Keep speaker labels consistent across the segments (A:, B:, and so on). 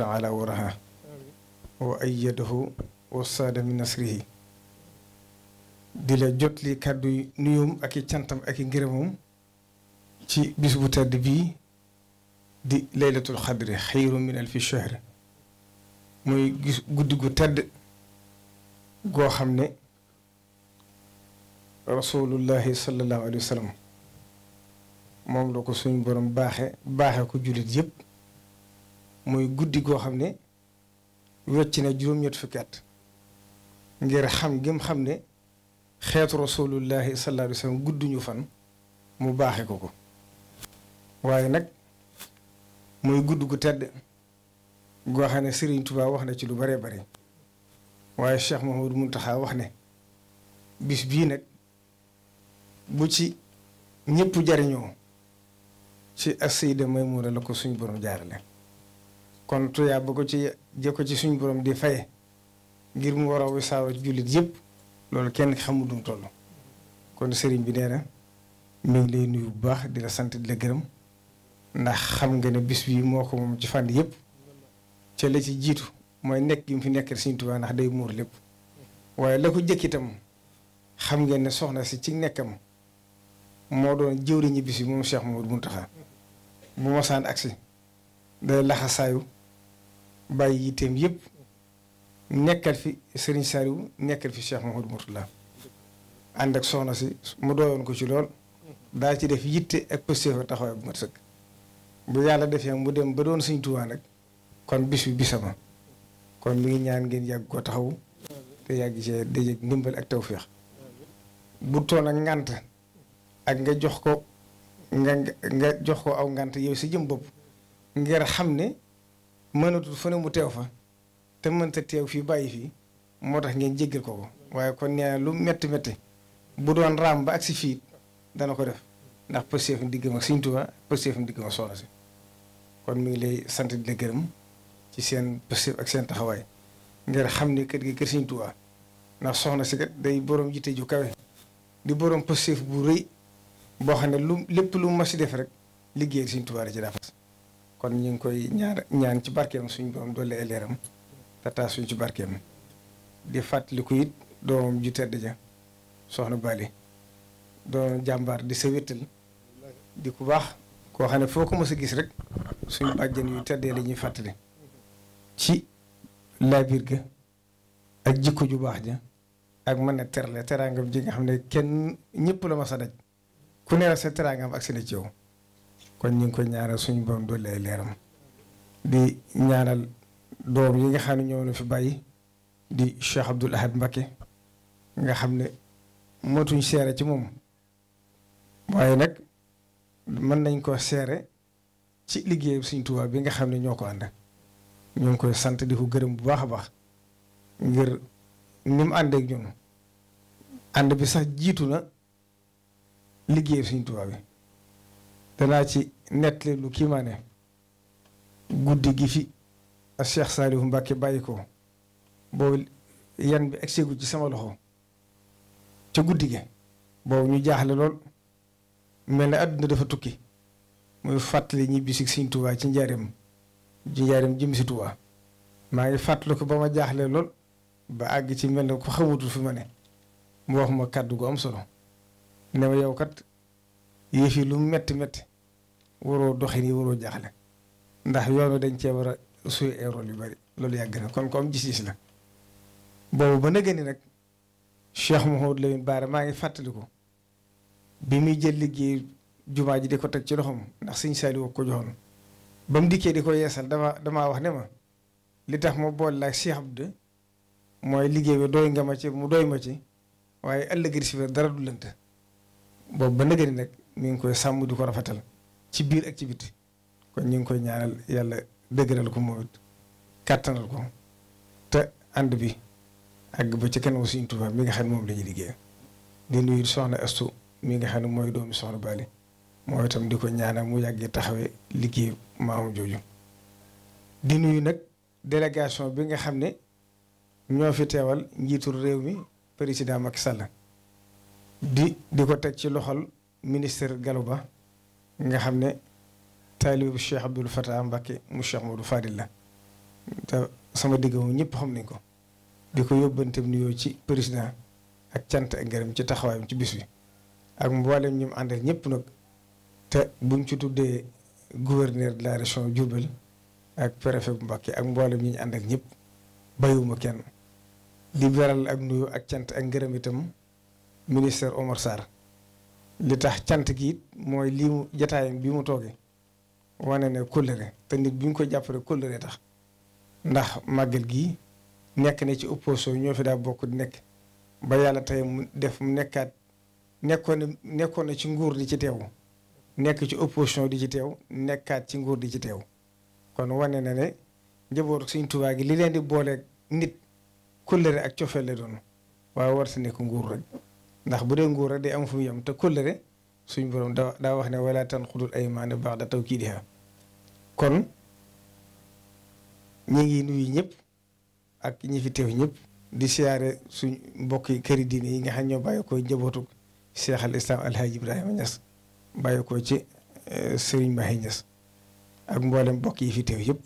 A: taala wa raha wa ayyadahu wa saada min nasrihi di la jot li kàddu nuyoom ak i cantam ak i ngërëmam ci bis bu tedd bii di laylatul xadri xayru min alfi shahr muy gis goo xam ne rasulullahi sallallahu alayhi wa moom la ko suñ borom baaxe baaxe ko jullit yëpp mooy guddi goo xam ne wecc na juróom-ñett fukki at ngir xam gëm xam ne xeetu rasulullahi sallallahu alayhi wa fan mu baaxe ko ko waaye nag mooy gudd gu tedd goo xam ne Serigne Touba wax na ci lu bare bare waaye Cheikh Mouhamadou taxaa wax ne bis bii nag bu ci ñépp jariñoo ci as-Sayda Maymuna la ko suñu borom jaarale kon tuyaa ba ko ci jëkko ci suñu borom di faye ngir mu war a wisaaro jullit yëpp loolu kenn xamul dum toll kon sëriñ bi nee na mi ngi lay nuyu bu baax di la sant di la gërëm ndax xam nga ne bis bi moo ko moom ci fànn yëpp ca la ci jiitu mooy nekk gi mu fi nekkal Sëriñ ndax day muur lépp waaye la xam ngeen ne soxna si ci nekkam moo doon jëwriñu bis bi moom Cheikh Mamadou Mountakha bu mosaan agsi day laxasaayu bàyyi yitteem yëpp nekkal fi Serigne Saliou nekkal fi Cheikh Mouhamadou Mourtala ànd ak soxna si mu doyoon ko ci lool daa ci def yitte ak pëstéef ak taxawaay bu mat sëkk bu yàlla defee mu dem ba doon Serigne Touba nag kon bis bi bisama kon mi ngi ñaan ngeen yàgg koo taxaw te yàgg cee dajeeg ndimbal ak tawféex bu toon ak ngant ak nga jox ko nga nga jox ko aw ngant yow si jëm bopp ngir xam ne mënatul fu ne mu teew fa te te teew fii bàyyi fii moo tax ngeen jéggal ko ko waaye kon nee lu métti métti bu doon raam ba agsi fii dana ko def ndax pëstéef digg ma Sëñ Tuubaa pëstéef digg ma soxna si kon mi ngi lay sant di gërëm ci seen pëstéef ak seen taxawaay ngir xam ne kër gi kër Sëñ Tuubaa ndax soxna si kat day borom jite ju kawe di borom pëstéef bu rëy boo xam ne lu lépp lu mu mas def rek liggéeyal Sëñ Tuubaa la ci daa fas kon ñu ngi koy ñaar ñaan ci barkeem suñ doom doole ay leeram te taas suñ ci barkeem di fàttaliku it doomam ju tedd ja soxna Bali doon jàmbaar di sa wéttal di ku baax koo xam ne foo ko ma sa gis rek suñu bàjjen yu teddee la ñuy fàttali ci laabir ga ak jikko ju baax ja ak mën na terle teraangam ji nga xam ne kenn ñëpp la mas a daj ku ne la sa teraangam ak seen i ci kon ñu ngi koy ñaanal suñu borom dolli ay leeram di ñaanal doom yi nga xam ne ñoo na fi bàyyi di Cheikh Abdoul Ahad Mbacké nga xam ne mootuñ seere ci moom waaye nag mën nañ koo seere ci liggéey suñ Tuubaa bi nga xam ne ñoo ko ànd ñoo ngi koy sant di ko gërëm bu baax a baax ngir ni mu ànd ak ñun ànd bi sax jiitu na liggéey suñ Tuubaa bi danaa ci nettali lu kiimaane guddi gi fi Cheikh Saliou Mbacke bàyyi ko boobu yan bi egseegu ci sama loxo ca guddi gi boobu ñu jaaxle lool mel ne àdduna dafa tukki muy fàttali ñibbi si Sëñ Tuubaa ci njaareem ji njaareem jëm si Tuubaa maa ngi fàttali ko ba ma jaaxle lool ba àgg ci mel ne ko xamatul fi ma ne mu wax ma kàddu gu am solo ne ma yow kat yëf yi lu metti metti waroo doxin yi waroo jaaxle ndax yoonu dañ cee war a suy ay yu bari loolu yàgg na kon comme gis-gis la boobu ba nëgë ni nag Cheikh Mouhamadou Lamine Bara maa ngi fàttaliku bi muy jël liggéey jumaa ji di ko teg ci loxoom ndax Sëñ Saliou ko joxoon ba mu dikkee di ko yeesal dama damaa wax ne ma li tax ma boole la ak Cheikh mooy liggéey bi doy nga ma ci mu doy ma ci waaye ëllëg si dara du lënt boobu ba nëgë ni nag mi ngi koy sàmm di ko rafetal. ci biir ak ci biti kon ñu ngi koy ñaanal yàlla dëgëral ko moom it kàttanal ko te ànd bi àgg ba ci kanamu Sëriñ Tuubaa mi nga xam ne moom la liggéey di soxna Astu mi nga xam ne mooy doomi soxna Bali mooy itam di ko ñaana mu yàggee taxawee liggéey maamu jooju di nuyu nag délégation bi nga xam ne ñoo fi teewal njiitul réew mi président Macky Sall di di ko teg ci loxol ministre Galouba nga xam ne taalibu Cheikh Abdoul Fatah Mbacké mu Cheikh Modou Fadil la te sama digg moom ñëpp xam nañ ko di ko yóbbanteem nuyoo ci président ak cant ak ngërëm ci taxawaayam ci bis bi ak mboolem ñi mu àndal ñëpp nag te buñ ci tuddee gouverneur de la région Diourbel ak préfet bu Mbacké ak mboolem ñi ñu àndal ñëpp bàyyiwuma kenn di beral ak nuyoo ak cant ak ngërëm itam ministère Omar Sarr li tax cant giit mooy lii mu jataayam bi mu toogee wane ne kóllëre te nit bu ñu ko jàppale kóllëre tax ndax màgget gi nekk na ci opposition ñoo fi daa bokk di nekk ba yàlla tey mu def mu nekkaat nekkoon na ci nguur di ci teew nekk ci opposition di ci teew nekkaat ci nguur di ci teew kon wane na ne njabootu Sëriñ Tuubaa gi li leen di booleek nit kóllëre ak cofeel la doon waaye war si nekk nguur rek. ndax bu dee nguur rek day am fu mu yem te kóllëre suñ borom da daa wax ne wala tanqudul aymaana ba'da tawkiidihaa kon ñu ngi nuyu ñëpp ak ñi fi teew ñëpp di siyaare suñ mbokki këri diine yi nga xam ñoo bàyyi ko njabootu Cheikh al Islam Alhaji Ibrahima Niass bàyyi ko ci eh, sëriñ Mahi Niass ak mboolem mbokk yi fi teew yëpp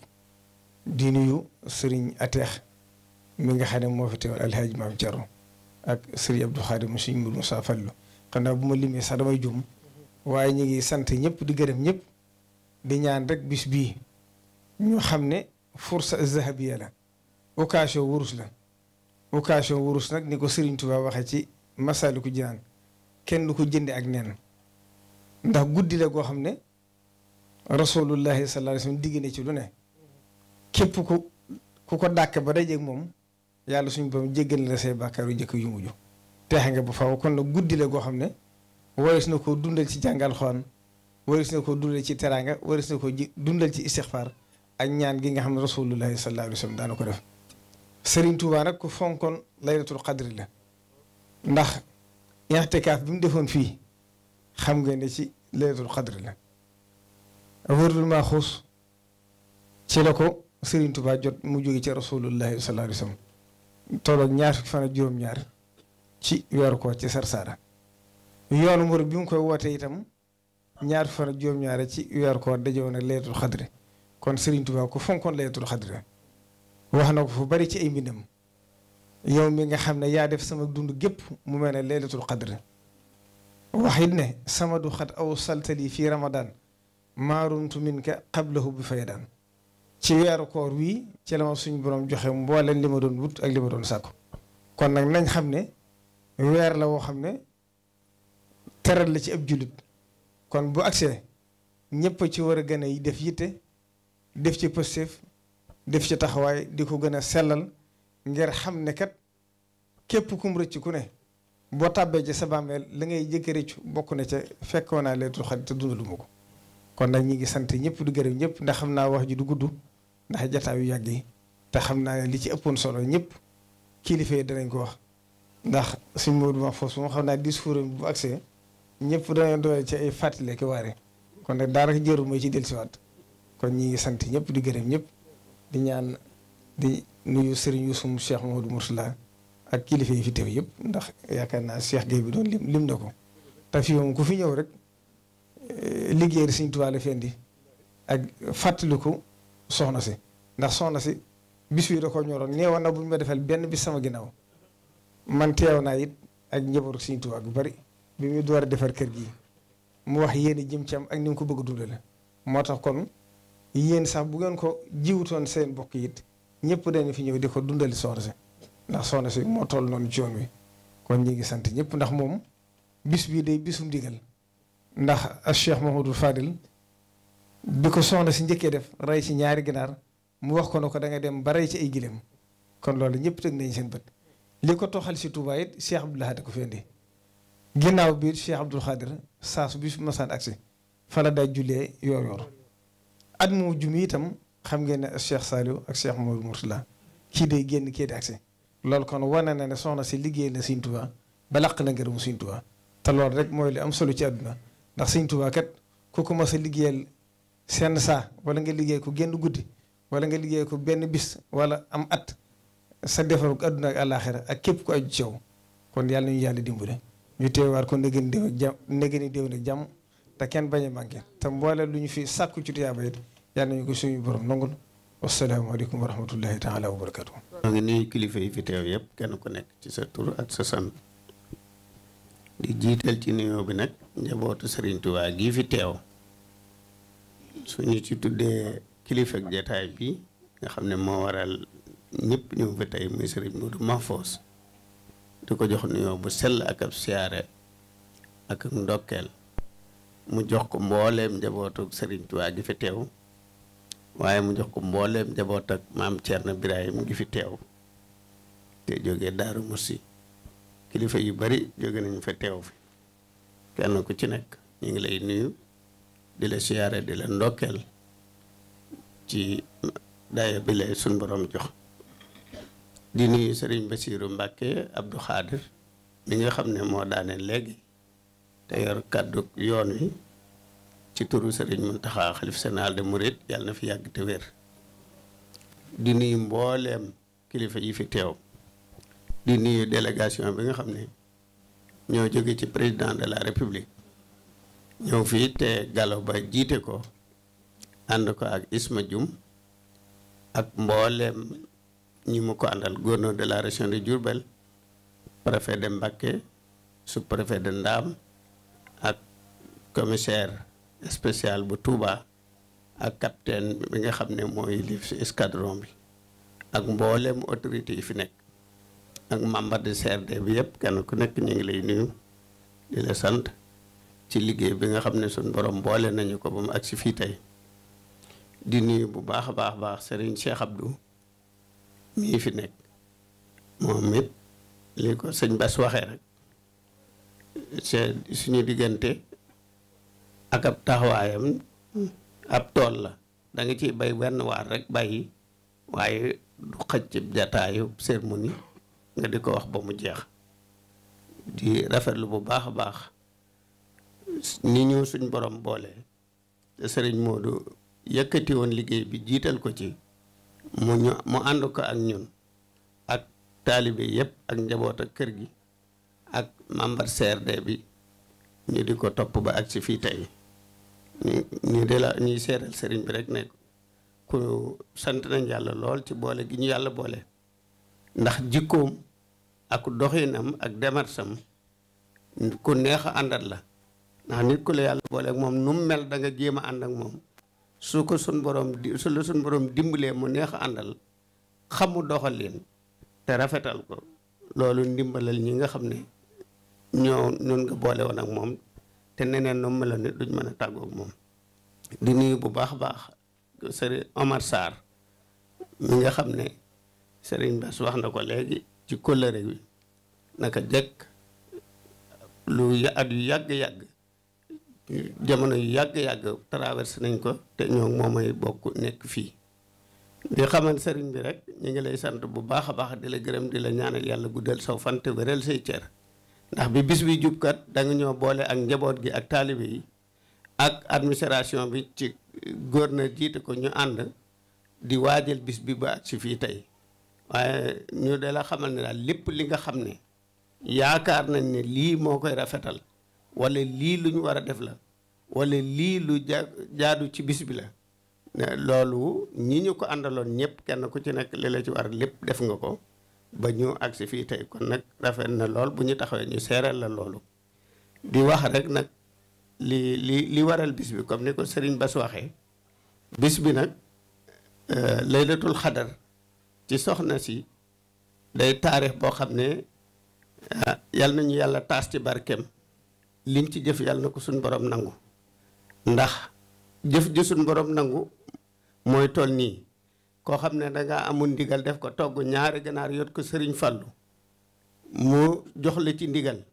A: di nuyu Serigne Ateex mi nga xam ne moo fi teewal Alhaji Maam Thierno ak Serigne Abdou Khadim mu Serigne Mourou Moussa Fallou xanaa bu ma limee sax damay juum waaye ñu ngi sant ñëpp di gërëm ñëpp di ñaan rek bis bii ñu xam ne fursa zahabiya la occasion wurus la occasion wurus nag ni ko Serigne a waxee ci Masaalikul Jinaan kenn du ko jënde ak nen ndax guddi la goo xam ne rasulullahi sallallahu alayhi wa sallam digg na ci lu ne képp ku ku ko dàkk ba dajeeg moom yàlla suñu borom jéggal na say bàkkaar yu njëkk yu mujj teexe nga ba faw kon nag guddi la goo xam ne waris na ko dundal ci jàngal xoon waris na ko dundal ci teraanga waris na ko dundal ci istixfaar ak ñaan gi nga xam ne rasulullahi sallallahu alayhi wa sallam daana ko def Sëriñ Tuubaa nag ku fonkoon laylatul qadri la ndax i'tikaaf bi mu defoon fii xam nga ne ci laylatul qadri la wërul maa xuus ci la ko Sëriñ Tuubaa jot mu jóge ca rasulullahi sallallahu alayhi wa sallam tolloog ñaar fukki fan juróom-ñaar ci weeru ko ci Sarsara yoonu murid bi mu koy woote itam ñaar fukki fan juróom-ñaar ci weeru koor dajewoon ak laylatul xadri kon Serigne Touba ko fonkoon laylatul xadri wax na ko fu bari ci ay mbindam yow mi nga xam ne yaa def sama dund gépp mu mel ne laylatul xadri wax it ne sama du xat aw saltali fii Ramadan maarumtu minka qablahu bi faydaan ci weeru koor wii ci la ma suñu borom joxe mbooleen li ma doon wut ak li ma doon sàkku kon nag nañ xam ne weer la woo xam ne teral la ci ab jullit kon bu agsee ñëpp ci war a gën a def yitte def ci positif def ci taxawaay di ko gën a sellal ngir xam ne kat képp kum rëcc ku ne boo tàbbee ci sa bàmmeel la ngay jëkk rëccu bokk na ca fekkoon naa leen xarit te dundaluma ko kon nag ñi ngi sant ñëpp du gërëm ñëpp ndax xam naa wax ji du gudd. ndax jataay yu yàgg yi te xam naa ne li ci ëppoon solo ñëpp kilifa yi danañ ko wax ndax suñ Maodo Mahfouz moom xam naa discours bu accès ñëpp danañ ay fàttali kon nag daanaka jëru mooy ci dellusiwaat kon ñi ngi sant ñëpp di gërëm ñëpp di ñaan di nuyu Serigne Youssouf Cheikh Maodo Mourtala ak kilifa yi fi teew yëpp ndax yaakaar naa Cheikh Gueye bi doon lim lim na ko te fii moom ku fi ñëw rek eh, liggéey Serigne Touba la fi ak fàttaliku. soxna si ndax soxna si bis wi da koo ñoroon neewoon na bu ñu ma defal benn bis sama ginnaaw man teew naa it ak njabootu Sëriñ Tuubaa bu bari bi muy door a defar kër gi mu wax yéen i jëm ci ak ni mu ko bëgg a dundale moo tax kon yéen sax bu ngeen ko jiwutoon seen bokk it ñëpp dañu fi ñëw di ko dundali soxna si ndax soxna si moo toll noonu ci yoon wi kon ñu ngi sant ñëpp ndax moom bis bii day bisum ndigal ndax Cheikh Mahamadou Fadil bi ko soxna si njëkkee def rey ci ñaari ginaar mu wax ko ne ko dangay dem ba rey ci ay gileem kon loolu ñëpp teg nañ seen bët li ko toxal si Touba it Cheikh Abdoul Ahad ko fi indi ginnaaw bi Cheikh Abdoul Khadir saa su bi su masaan agsi fala day jullee yoor yoor at jum itam xam ngeen ne Cheikh Saliou ak Cheikh Mouhamadou Mourtala kii day génn kii di agsi loolu kon wane na ne soxna si liggéey na Sëñ Touba ba laq na ngërëmu Sëñ Touba te loolu rek mooy li am solo ci àdduna ndax Sëñ Touba kat ku ko mas a seen saa wala nga liggéey ko génn guddi wala nga liggéey ko benn bis wala am at sa defaru àdduna ak àllaaxira ak képp ku aju ci kon yàlla nañu yàlla dimbale ñu teewaat ko ndegeen déw ak jàmm déw nag jàmm te kenn bañ a te mboole lu ñu fi sàkku ci tuyaaba it yàlla nañu ko suñu borom nangul wasalaamaaleykum wa rahmatullahi taala wa barakaatu.
B: maa ngi nuyu kilifa yi fi teew yëpp kenn ku nekk ci sa tur ak sa sant di jiital ci nuyoo bi nag njabootu Serigne fi teew. su ñu ci tuddee kilifa ak jataay bi nga xam ne moo waral ñépp ñëw fi tey muy sëriñ Modou Mahfous di ko jox nuyoo bu sell ak ab siyaare ak ndokkeel mu jox ko mbooleem njabootu sëriñ Tuubaa gi waaye mu jox ko mbooleem njaboot ak maam Thierno Birahim gi fi teew te jógee Daaru Musi kilifa yu bari jóge nañu fa teew fi kenn ku ci nekk ñu ngi lay nuyu di la siyaare di la ndokkeel ci dayo bi lay suñ borom jox di nuyu sëriñ Basiiru Mbàkke Abdu Xaadir mi nga xam ne moo daane léegi te yor kàddu yoon wi ci turu sëriñ Muntaxa xalif général des mourides yàlla na fi yàgg te wér di nuyu mbooleem kilifa yi fi teew di nuyu délégation bi nga xam ne ñoo jóge ci président de la république ñëw fii te Gallo Ba jiite ko ànd ko ak Isma Dioum ak mbooleem ñi mu ko àndal gouverneur de la région de Diourbel préfet de Mbacké sous-préfet de ndaam ak commissaire spécial bu Touba ak capitaine bi nga xam ne mooy li escadron bi ak mbooleem autorité yi fi nekk ak membre de CRD bi yëpp kenn ku nekk ñu ngi lay nuyu di la sant ci liggéey bi nga xam ne suñ borom boole nañu ko ba mu agsi fii tey di nuyu bu baax a baax baax sëriñ Cheikh Abdou mii fi nekk moom it li ko sëñ Bass waxee rek suñu diggante ak ab taxawaayam ab tool la danga ci bay benn waar rek bàyyi waaye du xëcc jataayu cérémonie nga di ko wax ba mu jeex di rafetlu bu baax a baax ni ñu suñ borom boole te sëriñ Modou yëkkati woon liggéey bi jiital ko ci mu ñu mu ànd ko ak ñun ak taalibe yëpp ak njaboot ak kër gi ak membre CRD bi ñu di ko topp ba ak ci fii tey ñu ñu de la ñuy seeral sëriñ bi rek ne ku sant nañ yàlla lool ci boole gi ñu yàlla boole ndax jikkoom ak doxinam ak demarsam ku neexa àndat la ndax nit ku la yàlla booleeg moom nu mu mel danga nga jéem ànd ak moom su ko sun borom di su la sun borom dimbalee mu neex a àndal xamu doxalin te rafetal ko loolu ndimbalal ñi nga xam ne ñoo ñun boole woon ak moom te neneen nu meloon nit duñ mën a tàggoog moom di nuyu bu baax a baax sëriñ Omar Sarr mi nga xam ne sëriñ Bass wax na ko léegi ci kóllëre bi naka jëkk lu at yàgg-yàgg jamono yu yàgg-yàgg traversé nañ ko te ñoo moomay bokk nekk fii di xamal sëriñ bi rek ñu ngi lay sant bu baax a baax di la gërëm di la ñaanal yàlla guddal saw fan te wéral say cër ndax bi bis bi jubkat da ñoo boole ak njaboot gi ak taalibe yi ak administration bi ci na jiite ko ñu ànd di waajal bis bi ba ak si fii tey waaye ñu de la xamal ne daal lépp li nga xam ne yaakaar nañ ne lii moo koy rafetal wala lii lu ñu war a def la walla lii lu ja jaadu ci bis bi la loolu ñi ñu ko àndaloon ñëpp kenn ku ci nekk li la ci war lépp def nga ko ba ñu agsi fii tey kon nag rafet na lool bu ñu taxawee ñu seereel la loolu di wax rek nag li li li waral bis bi comme ni ko Serigne Bass waxee bis bi nag euh, laylatul xadar ci soxna si day taarix boo xam ne ah, yal nañu yàlla taas ci barkeem lim ci jëf yàlla na ko suñ borom nangu ndax jëf ji suñ borom nangu mooy toll nii koo xam ne dangaa amul ndigal def ko togg ñaari ganaar yot ko sëriñ fàllu mu jox ci ndigal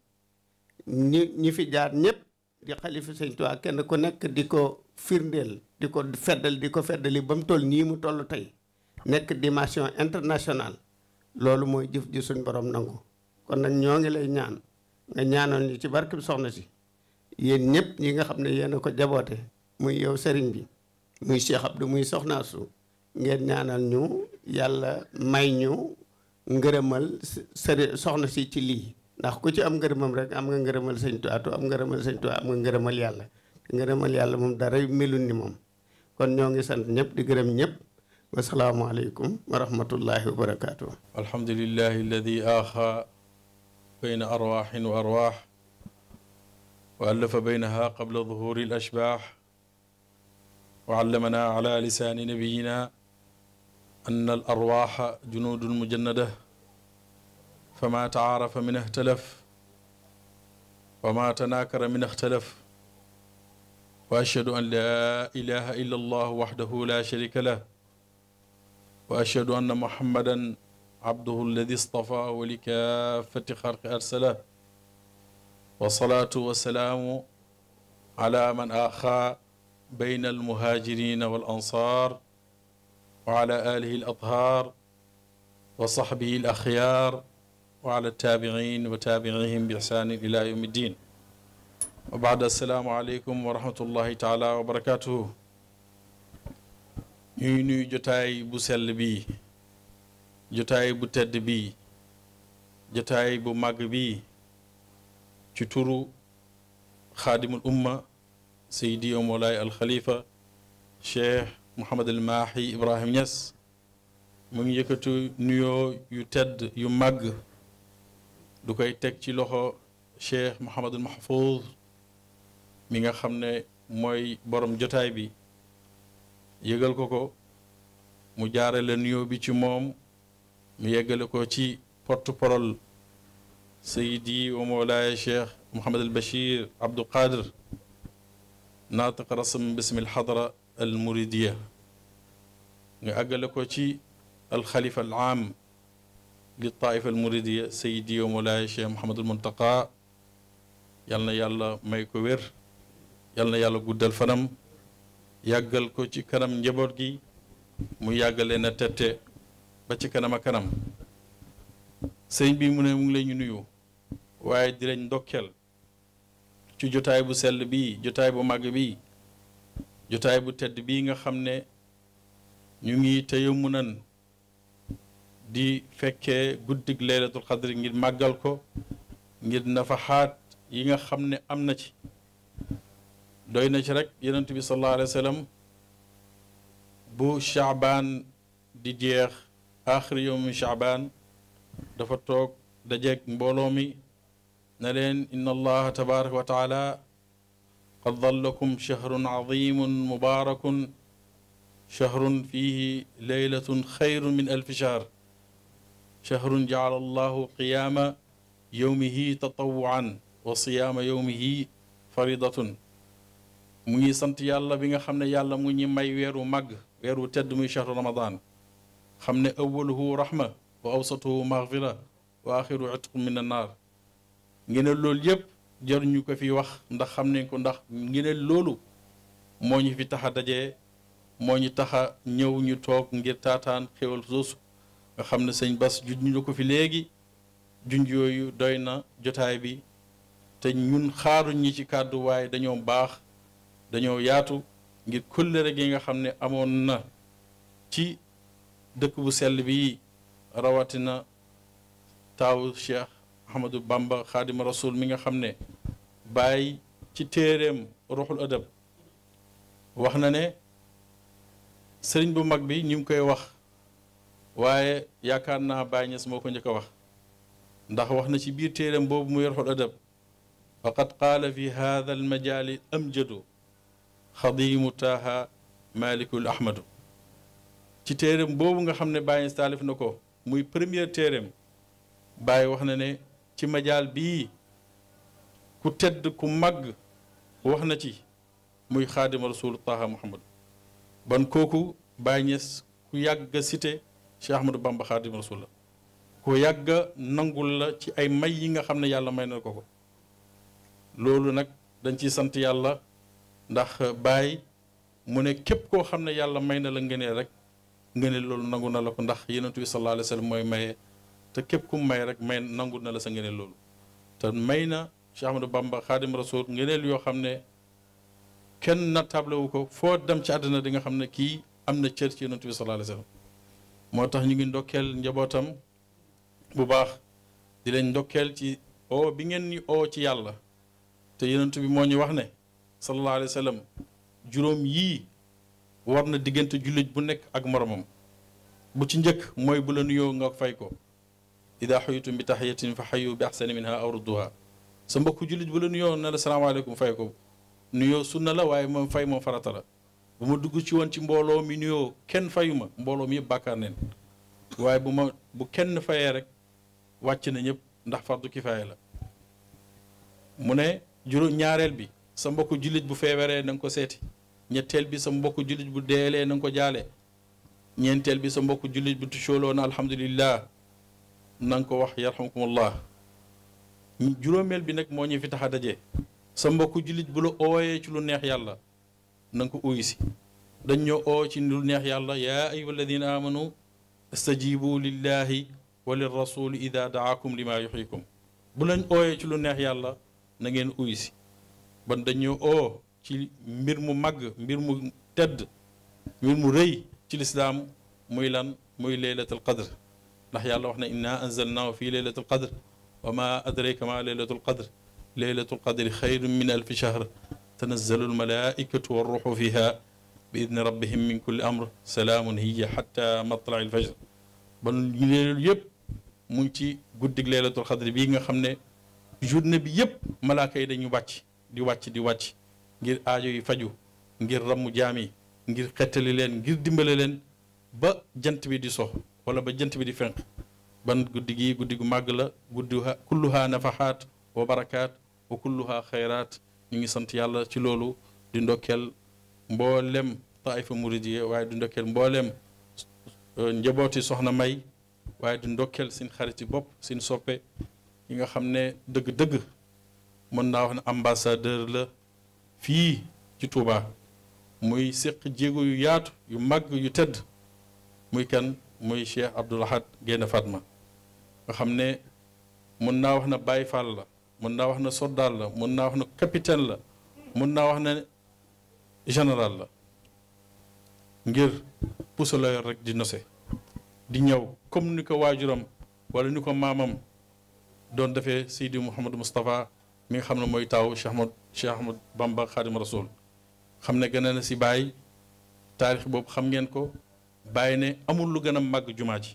B: ñi ñi fi jaar ñëpp di xalifa sëñ Tuubaa kenn ku nekk di ko firndeel di ko feddal di ko feddali ba mu toll nii mu toll tey nekk dimension internationale loolu mooy jëf ji suñ borom nangu kon nag ñoo ngi lay ñaan nga ñaanal ñu ci barke bi soxna si yéen ñëpp ñi nga xam ne yéen ko jaboote muy yow sëriñ bi muy Cheikh Abdou muy soxna su ngeen ñaanal ñu yàlla may ñu ngërëmal sëri soxna si ci lii ndax ku ci am ngërëmam rek am nga ngërëmal sëñ Tuubaa tu am ngërëmal sëñ Tuubaa am nga ngërëmal yàlla ngërëmal yàlla moom dara melun ni moom kon ñoo ngi sant ñëpp di gërëm ñëpp wasalaamaaleykum wa rahmatullahi wa barakaatu
C: alhamdulillahi alladi بين أرواح وأرواح وألف بينها قبل ظهور الأشباح وعلمنا على لسان نبينا أن الأرواح جنود مجندة فما تعارف من اختلف وما تناكر من اختلف وأشهد أن لا إله إلا الله وحده لا شريك له وأشهد أن محمدا abduhu alladi istafa wa li kaafati xalqi arsala wa salaatu wa salaamu ala man axa bayna almuhaajirina wal ansaar wa ala alihi al athaar wa saxbihi al axyaar wa ala taabiciin wa taabicihim bi ixsaanin ila yawmi ddin wa baad assalaamu aleykum wa rahmatullahi taala wa barakatuhu ñuy nuyu jotaay bu sell bii jotaay bu tedd bii jotaay bu màgg bii ci turu xaadimul umma sayidi wa moolaay alxalifa cheikh Mouhamad al Mahi Ibrahim Niass mu ngi yëkkatu nuyoo yu tedd yu màgg du koy teg ci loxo cheikh Mouhamadul Mahfouz mi nga xam ne mooy borom jotaay bi yëgal ko ko mu jaarale nuyoo bi ci moom mu yeggale ko ci porte parole sayidi wa moolaaya cheikh Mouhamad al Bachir Abdou Qadir naatiq rasm bismi alxadra al muridiya nga àggale ko ci alxalifa al aam li taifa al muridiya sayidi wa moolaaya cheikh Mouhamad al Muntaqa yal na yàlla may ko wér yal na yàlla guddal fanam yàggal ko ci kanam njaboot gi mu yàggaleen a tette ci kanam ak kanam sëñ bi mu ne mu ngi leen ñu nuyu waaye di leen ndokkeel ci jotaay bu sell bi jotaay bu màgg bi jotaay bu tedd bii nga xam ne ñu ngi tëyamu nan di fekkee guddig laylatul xadri ngir màggal ko ngir nafaxaat yi nga xam ne am na ci doy na ci rek yonent bi sallallahu alayhi wa sallam bu caabaan di jeex axiri yowmi chaabaan dafa toog dajeeg mbooloo mi ne leen inna allaha tabaraka wa taala qad dallakum chahrun azimun mubaarakun chahrun fiihi leylatun xayrun min alfi chahr chahrun jacala allahu qiyaama yowmihi tatawuan wa siyaama yowmihi faridatun mu ngi sant yàlla bi nga xam ne yàlla mu ngi may weeru màgg weeru tedd muy chahru ramadan xam ne aw awaluhu rahma wa awsatuhu maghfira wa axiru itqu min annaar ngeneel loolu yëpp jaruñu ko fi wax ndax xam nañ ko ndax ngeneel loolu moo ñu fi tax a daje moo ñu taxa a ñëw ñu toog ngir taataan xéwal soosu nga xam ne sëñ Bas junj ñu ko fi léegi junj yooyu doy na jotaay bi te ñun xaaruñu ci kàdduwaay waaye dañoo baax dañoo yaatu ngir kóllëre gi nga xam ne amoon na ci dëkk bu sell bi rawatina taawu Cheikh Ahmadou Bamba xaadima rasul mi nga xam ne bàyyi ci téereem ruuxul adab wax na ne sëriñ bu mag bi ñu ngi koy wax waaye yaakaar naa Baye Niass moo ko njëkk wax ndax wax na ci biir téereem boobu muy ruuxul adab faqad qaala fi haada almajaali amjadu xadimu taaha malikul ahmadu ci téeram boobu nga xam ne Baye taalif na ko muy premier téereem Baye wax na ne ci majaal bii ku tëdd ku màgg wax na ci muy xaadima rasul taha muhammad ban kooku Baye Niass ku yàgg site cité Cheikh Ahmadou Bamba xaadima rasul la ku yàgg a la ci ay may yi nga xam ne yàlla may na ko ko loolu nag dañ ciy sant yàlla ndax Baye mu ne képp koo xam ne yàlla may na la ngëneel rek nga loolu nangu na la ko ndax yonent bi sallallahu alayhi wa mooy maye te képp ku may rek may nangu na la sa ngëneel loolu te may na ci Ahmadou Bamba Xaadim Rasul ngëneel yoo xam ne kenn nattable wu ko foo dem ci àddina di nga xam ne kii am na cër ci yonent bi sallallahu alayhi moo tax ñu ngi ndokkeel njabootam bu baax di leen ndokkeel ci o bi ngeen ni o ci yàlla te yonent bi moo ñu wax ne sallallahu alayhi wa juróom yii war na diggante jullit bu nekk ak moromam bu ci njëkk mooy bu la nuyoo nga fay ko ida xuyitum bi taxiyatin fa xayu bi axsani minha aw rudduha sa mbokku jullit bu la nuyoo ne la salaamaaleykum fay ko nuyoo sunna la waaye moom fay moom farata la bu ma dugg ci woon ci mbooloo mi nuyoo kenn fayu ma mbooloo mi yëpp bàkkaar neen waaye bu ma bu kenn fayee rek wàcc na ñëpp ndax fardu kifaaya la mu ne juróom ñaareel bi sa mbokku jullit bu feebaree na ko seeti ñetteel bi sa mbokk jullit bu deelee na nga ko jaale ñeenteel bi sa mbokk jullit bu tucóoloo na alhamdulillah ko wax yarhamkumullah juróomeel bi nag moo ñu fi tax a daje sa mbokk jullit bu la ooyee ci lu neex yàlla na nga ko uyu dañ ñoo oo ci lu neex yàlla yaa ayuha alladina amanu istajibu lillahi wa lirrasuli ida daakum lima yuxyikum bu lañ ooyee ci lu neex yàlla na ngeen uyu ban dañ ñoo oo ci mbir mu màgg mbir mu tedd mbir mu rëy ci lislaam muy lan muy leylatul qadr ndax yàlla wax na inna anzalnaahu fii leylatul qadr wa ma adraka ma leylatul qadr leylatul qadri xayrun min alfi shahr tanazzalu almalaikatu warruxu fiha bi idni rabbihim min kulli amr salaamun hiya xatta matlai alfajr ban léelu ci guddig leylatul qadr bii nga xam ne journée bi yëpp malaaka yi dañu wàcc di wàcc di wàcc ngir aajo yi faju ngir ramu jaam ngir xettali leen ngir dimbale leen ba jant bi di sox wala ba jant bi di fenq ban guddi gi guddi gu màgg la guddiha kulluha nafahaat wa barakaat wa kulluha xayraat ñu ngi sant yàlla ci loolu di ndokkeel mboolem taifa muridiye waaye di ndokkeel mboolem euh, njabooti soxna may waaye di ndokkeel seen ci bopp seen soppe yi nga xam ne dëgg-dëgg mën naa wax ne ambassadeur la fii ci Touba muy séq jéego yu yaatu yu màgg yu tëdd muy kan muy Cheikh Abdoul Ahad Gaïndé ma nga xam ne mun naa wax na bàyyi Fall la mun naa wax na soldat la mun naa wax na capitaine la mun naa wax na général la ngir puso la rek di nose di ñëw comme ni ko waajuram walla ni ko maamam doon defee Seydi Mouhamadou Moustapha mi nga xam ne mooy taaw Cheikh Cheikh Ahmad Bamba Xaadim Rasul xam ne gën na si bàyyi taarix boobu xam ngeen ko bàyyi ne amul lu gën a màgg jumaa ji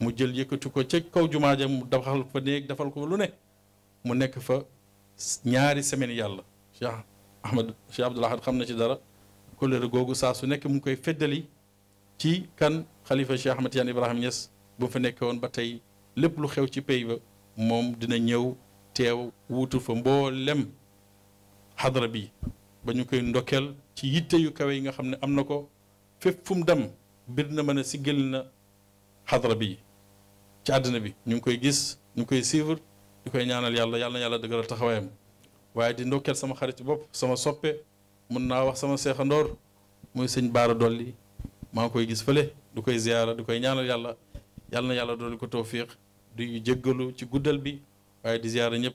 C: mu jël yëkkati ko ca kaw jumaa ja mu defal fa defal ko lu ne mu nekk fa ñaari semaine yàlla Cheikh Ahmad Cheikh Abdoul xam na ci dara kóllëre googu saa su nekk mu ngi koy feddali ci kan xalifa Cheikh Ahmad Tidiane Ibrahima Niass bu mu fa nekkee woon ba tey lépp lu xew ci pays ba moom dina ñëw teew wuutu fa mboolem xadra bi ba ñu koy ndokkeel ci yitte yu kawe yi nga xam ne am na ko fépp fu mu dem bir na mën a siggal na xadra bi ci àddina bi ñu ngi koy gis ñu koy suivre di koy ñaanal yàlla yàlla na yàlla dëgëral taxawaayam waaye di ndokkeel sama xarit bopp sama soppe mun naa wax sama seexandoor muy sëñ baara dolli maa ngi koy gis fële du koy ziyaara du koy ñaanal yàlla yàlla na yàlla dolli ko tawfiq di jéggalu ci guddal bi waaye di ziyaara ñëpp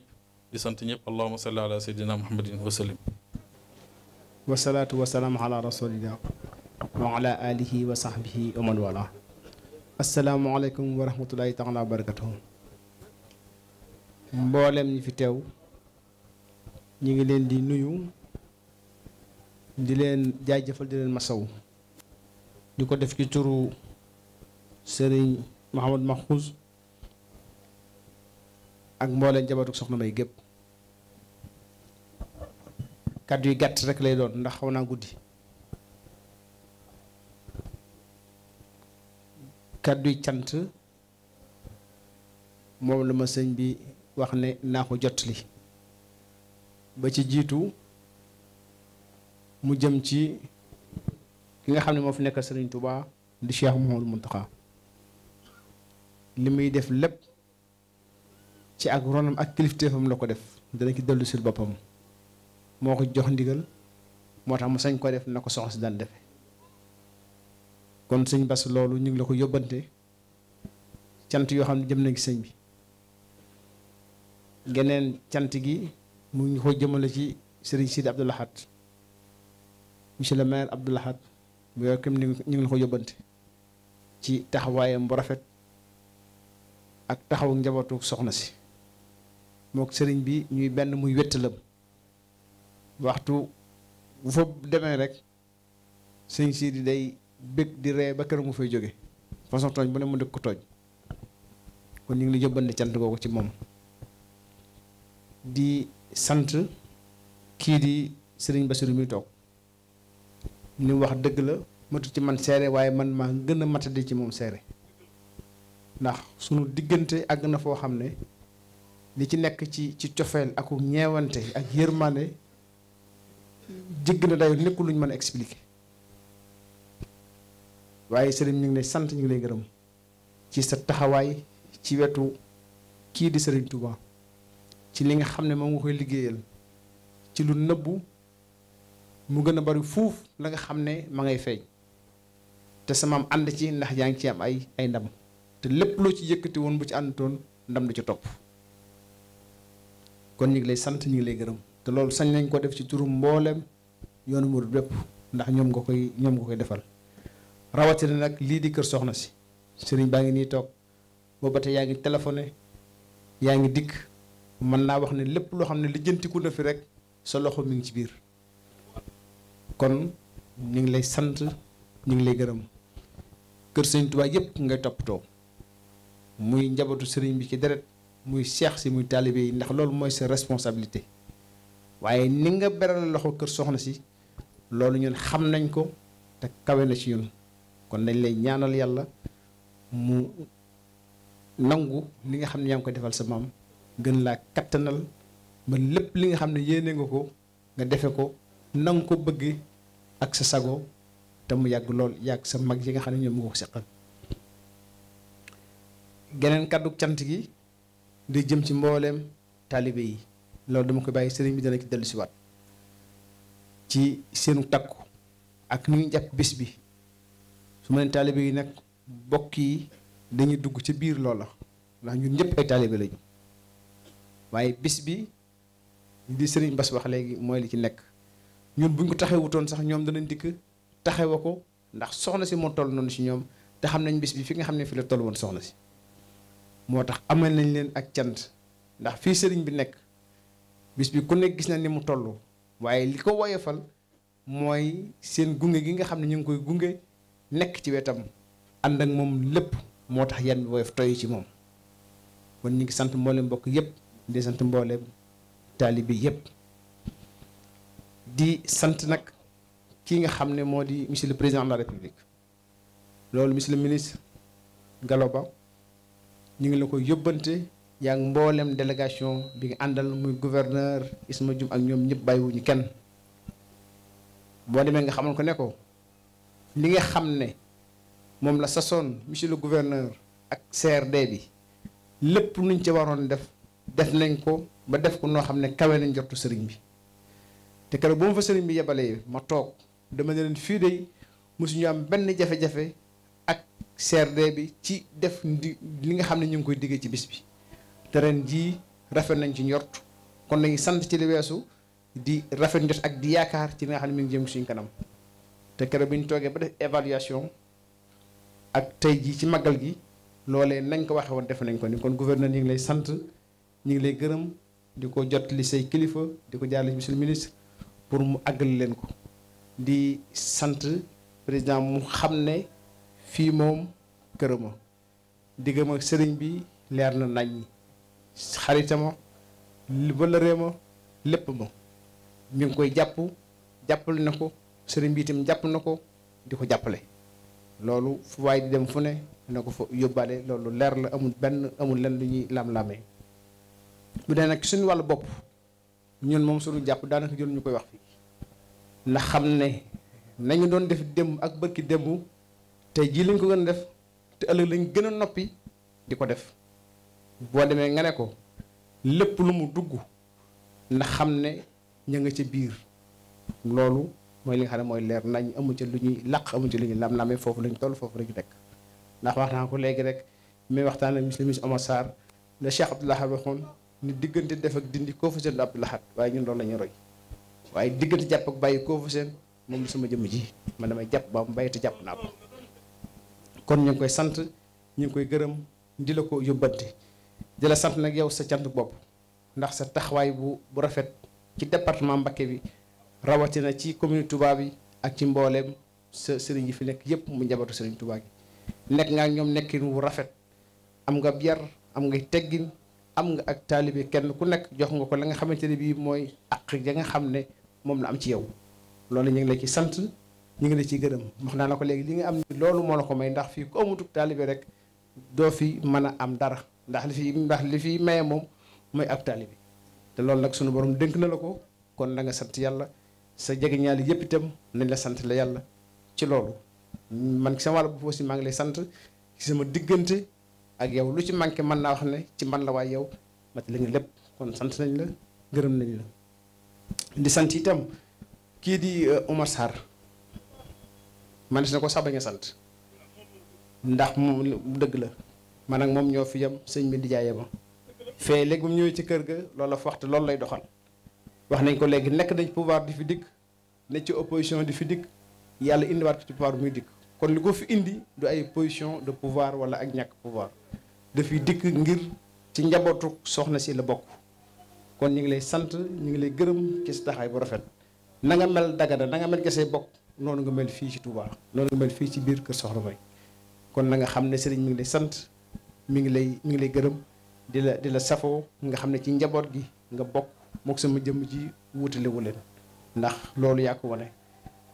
C: di sant ñëpp allahuma salli ala sayyidina muhammadin wa sallim
D: wasalaatu wasalaam ala rasulillah wa ala alihi wa sahbihi wa man wala asalaamualeykum wa rahmatulahi taala wa barakatuhu mboolem ñi fi teew ñu ngi leen di nuyu di leen jaajëfal di leen masaw di ko def ci turu sëriñ Mouhamad Mahfouz ak mbooleen jabatuk soxna may gépp kàddu yu gàtt rek lay doon ndax xaw naa guddi kàdduy cant moom la ma sëñ bi wax ne naa ko jot li ba ci jiitu mu jëm ci ki nga xam ne moo fi nekk sëriñ Tuubaa di Cheikh Mouhamadou Mountakha li muy def lépp ci ak ronam ak kilifteefam la ko def dina ci dellu sil boppam moo ko jox ndigal moo tax mu sañ ko def na ko soxna si daan defe kon sëñ Bass loolu ñu ngi la ko yóbbante cant yoo xam ne jëm nañ ci sëñ bi geneen cant gi mu ngi ko jëmale ci sëriñ Sidi Abdou Lahad monsieur le maire Abdou Lahad mu yor kam ñu ngi la ko yóbbante ci taxawaayam bu rafet ak taxaw njabootu soxna si mook sëriñ bi ñuy benn muy wéttalam waxtu bu fa demee rek sëñ si di day bëgg di ree ba kër mu fay jóge façon tooñ bu ne mu dëkk ko tooñ kon ñu ngi la cant googu ci moom di sant kii di sëriñ ba Basiru mi toog ni wax dëgg la matu ci man seere waaye man maa gën a matadi ci moom seere ndax sunu diggante àgg na foo xam ne li ci nekk ci ci cofeel aku ñeewante ak yërmande jégg na dayo nekkul lu ñu mën a expliquer waaye sëriñ ñu ngi lay sant ñu lay gërëm ci sa taxawaay ci wetu kii di sëriñ Touba ci li nga xam ne moom nga koy liggéeyal ci lu nëbbu mu gën a bari fuuf la nga xam ne ma ngay feeñ te sama am ànd ci ndax yaa ngi ci am ay ay ndam te lépp loo ci yëkkati woon bu ci àndutoon ndam du ca topp kon ñu lay sant ñu lay gërëm te loolu sañ nañ ko def ci turu mboolem yoonu murid bépp ndax ñoom nga koy ñoom nga koy defal rawatina nag lii di kër soxna si sëriñ baa ngi nii toog booba tey yaa ngi téléphoné yaa ngi dikk mën naa wax ne lépp loo xam ne lijjantiku na fi rek sa loxo mi ngi ci biir kon ñu ngi lay sant ñu ngi lay gërëm kër sëriñ Tuubaa yépp ngay toppatoo muy njabootu sëriñ bi ci deret muy seex si muy taalibe yi ndax loolu mooy sa responsabilité waaye ni nga beral loxo kër soxna si loolu ñun xam nañ ko te kawe na ci ñun kon dañ lay ñaanal yàlla mu nangu li nga xam ne yaa ngi ko defal sa maam gën laa kattanal ba lépp li nga xam ne yéene nga ko nga defe ko nang ko bëgg ak sa sago te mu yàgg lool yàgg sa mag yi nga xam ne ñoom nga ko seqal geneen kàddu cant gi di jëm ci mbooleem taalibe yi loolu dama koy bàyyi sëriñ bi dana ci dellu si ci seenu takku ak nu ñu bis bi su ma leen taalibe yi nag bokk yi dañuy dugg ci biir loola ndax ñun ñëpp ay taalibe lañu waaye bis bi di sëriñ Bas wax léegi mooy li ci nekk ñun buñ ko taxewutoon sax ñoom danañ dikk taxewa ko ndax soxna si moo toll noonu si ñoom te xam nañ bis bi fi nga xam ne fi la toll woon soxna si moo tax amal nañ leen ak cant ndax fii sëriñ bi nekk bis bi ku nekk gis na ni mu toll waaye li ko woyofal mooy seen gunge gi nga xam ne ñu ngi koy gunge nekk ci wetam ànd ak moom lépp moo tax yan woyof toy ci moom kon ñu ngi sant mboolem mbokk yëpp de sant mboolem taalibe yëpp di sant nag ki nga xam ne moo di monsieur le président de la république loolu monsieur le ministre Galoba ñu ngi la koy yóbbante yaa ngi mboolem délégation bi nga àndal muy gouverneur Isma Dioum ak ñoom ñëpp bàyyiwuñu kenn boo demee nga xamal ko ne ko li nga xam ne moom la sasoon monsieur le gouverneur ak CRD bi lépp nuñ ca waroon def def nañ ko ba def ko noo xam ne kawe nañ jortu sëriñ bi te keroog bu ma fa sëriñ bi yebalee ma toog dama ne leen fii de mosuñu am benn jafe-jafe ak CRD bi ci def li nga xam ne ñu ngi koy diggee ci bis bi. te jii rafet nañ ci njort kon nañu sant ci li weesu di rafet njort ak di yaakaar ci li nga xam ne mi ngi jëm suñ kanam te keroog bi ñu toogee ba def évaluation ak tey jii ci màggal gi loolee nañ ko waxee woon defe nañ ko ni kon gouverneur ñu ngi lay sant ñu ngi lay gërëm di ko jot li say kilifa di ko jaarale monsieur le ministre pour mu àggal leen ko di sant président mu xam ne fii moom kërama diggam ak sëriñ bi leer na nañ xaritama wëllëreema lépp ma mi ngi koy jàpp jàppale na ko sëriñ bi itam jàpp na ko di ko jàppale loolu fu waay di dem fu ne na ko fa yóbbaale loolu leer la amul benn amul lenn lu ñuy lam-lamee bu dee nag suñu wàllu bopp ñun moom suñu jàpp daanaka jël ñu koy wax fii ndax xam ne nañu doon def démb ak bërki démb te jii lañ ko gën a def te ëllëg lañ gën a noppi di ko def boo demee nga ne ko lépp lu mu dugg ndax xam ne ña nga ca biir loolu mooy li nga xam ne mooy leer nañ amu ca lu ñuy laq amu ca lu ñuy lam-lame foofu lañu toll foofu lañu nekk ndax wax naa ko léegi rek mi waxtaan ak monsieur Omar Sarr la Cheikh Abdou Lahad waxoon ni diggante def ak dindi koo fa seen Abdou Lahad waaye ñun loolu la ñuy roy waaye diggante jàpp ak bàyyi koo fa seen moom la sama jëmm ji man damay jàpp ba mu bàyyi te jàpp naa kon ñu ngi koy sant ñu ngi koy gërëm di la ko yóbbante di la sant nag yow sa cant bopp ndax sa taxawaay bu bu rafet ci département mbakke bi rawatina ci commune Touba bi ak ci mbooleem sa sëriñ yi fi nekk yépp mu njabootu sëriñ Touba gi nekk nga ñoom nekkin wu rafet am nga yar am nga teggin am nga ak taalibe kenn ku nekk jox nga ko la nga xamante ne bii mooy àq ya nga xam ne moom la am ci yow loolu ñu ngi la ci sant ñu ngi la ciy gërëm wax naa la ko léegi li nga am loolu moo la ko may ndax fii ku amutuk taalibe rek doo fi mën a am dara ndax li fi ndax li fi maye moom mooy ab bi te loolu nag suñu boroom dénk na la ko kon nanga sant yàlla sa jegeñaale yépp itam nañ la sant la yàlla ci loolu man sama wàll bu aussi si ngi lay sant ci sama diggante ak yow lu ci manqué mën naa wax ne ci man la waaye yow ma la nga lépp kon sant nañ la gërëm nañ la di sant itam kii di euh, Omar Sarr man si na ko sax bañ a sant ndax moom dëgg la man ak moom ñoo fi yem sëñ bi di jaayee ma fee léegi mu ñëwee ci kër ga loolu la fa waxtu loolu lay doxal wax nañ ko léegi nekk nañ pouvoir di fi dikk ne ci opposition di fi dikk yàlla indiwaat ci pouvoir muy dikk kon li ko fi indi ay position de pouvoir wala ak ñàkk pouvoir dafiy dikk ngir ci njabootu soxna si la bokk kon ñu ngi lay sant ñu ngi lay gërëm ci sa taxaay bu rafet na nga mel Dagana na nga mel gesee bokk noonu nga mel fii ci Touba noonu nga mel fii ci biir kër Soxna May kon na nga xam ne sëriñ mu ngi lay sant mi ngi lay mi ngi lay gërëm di la di la safoo nga xam ne ci njaboot gi nga bokk mook sama jëmm ji wutalewu leen ndax loolu yaa ko wane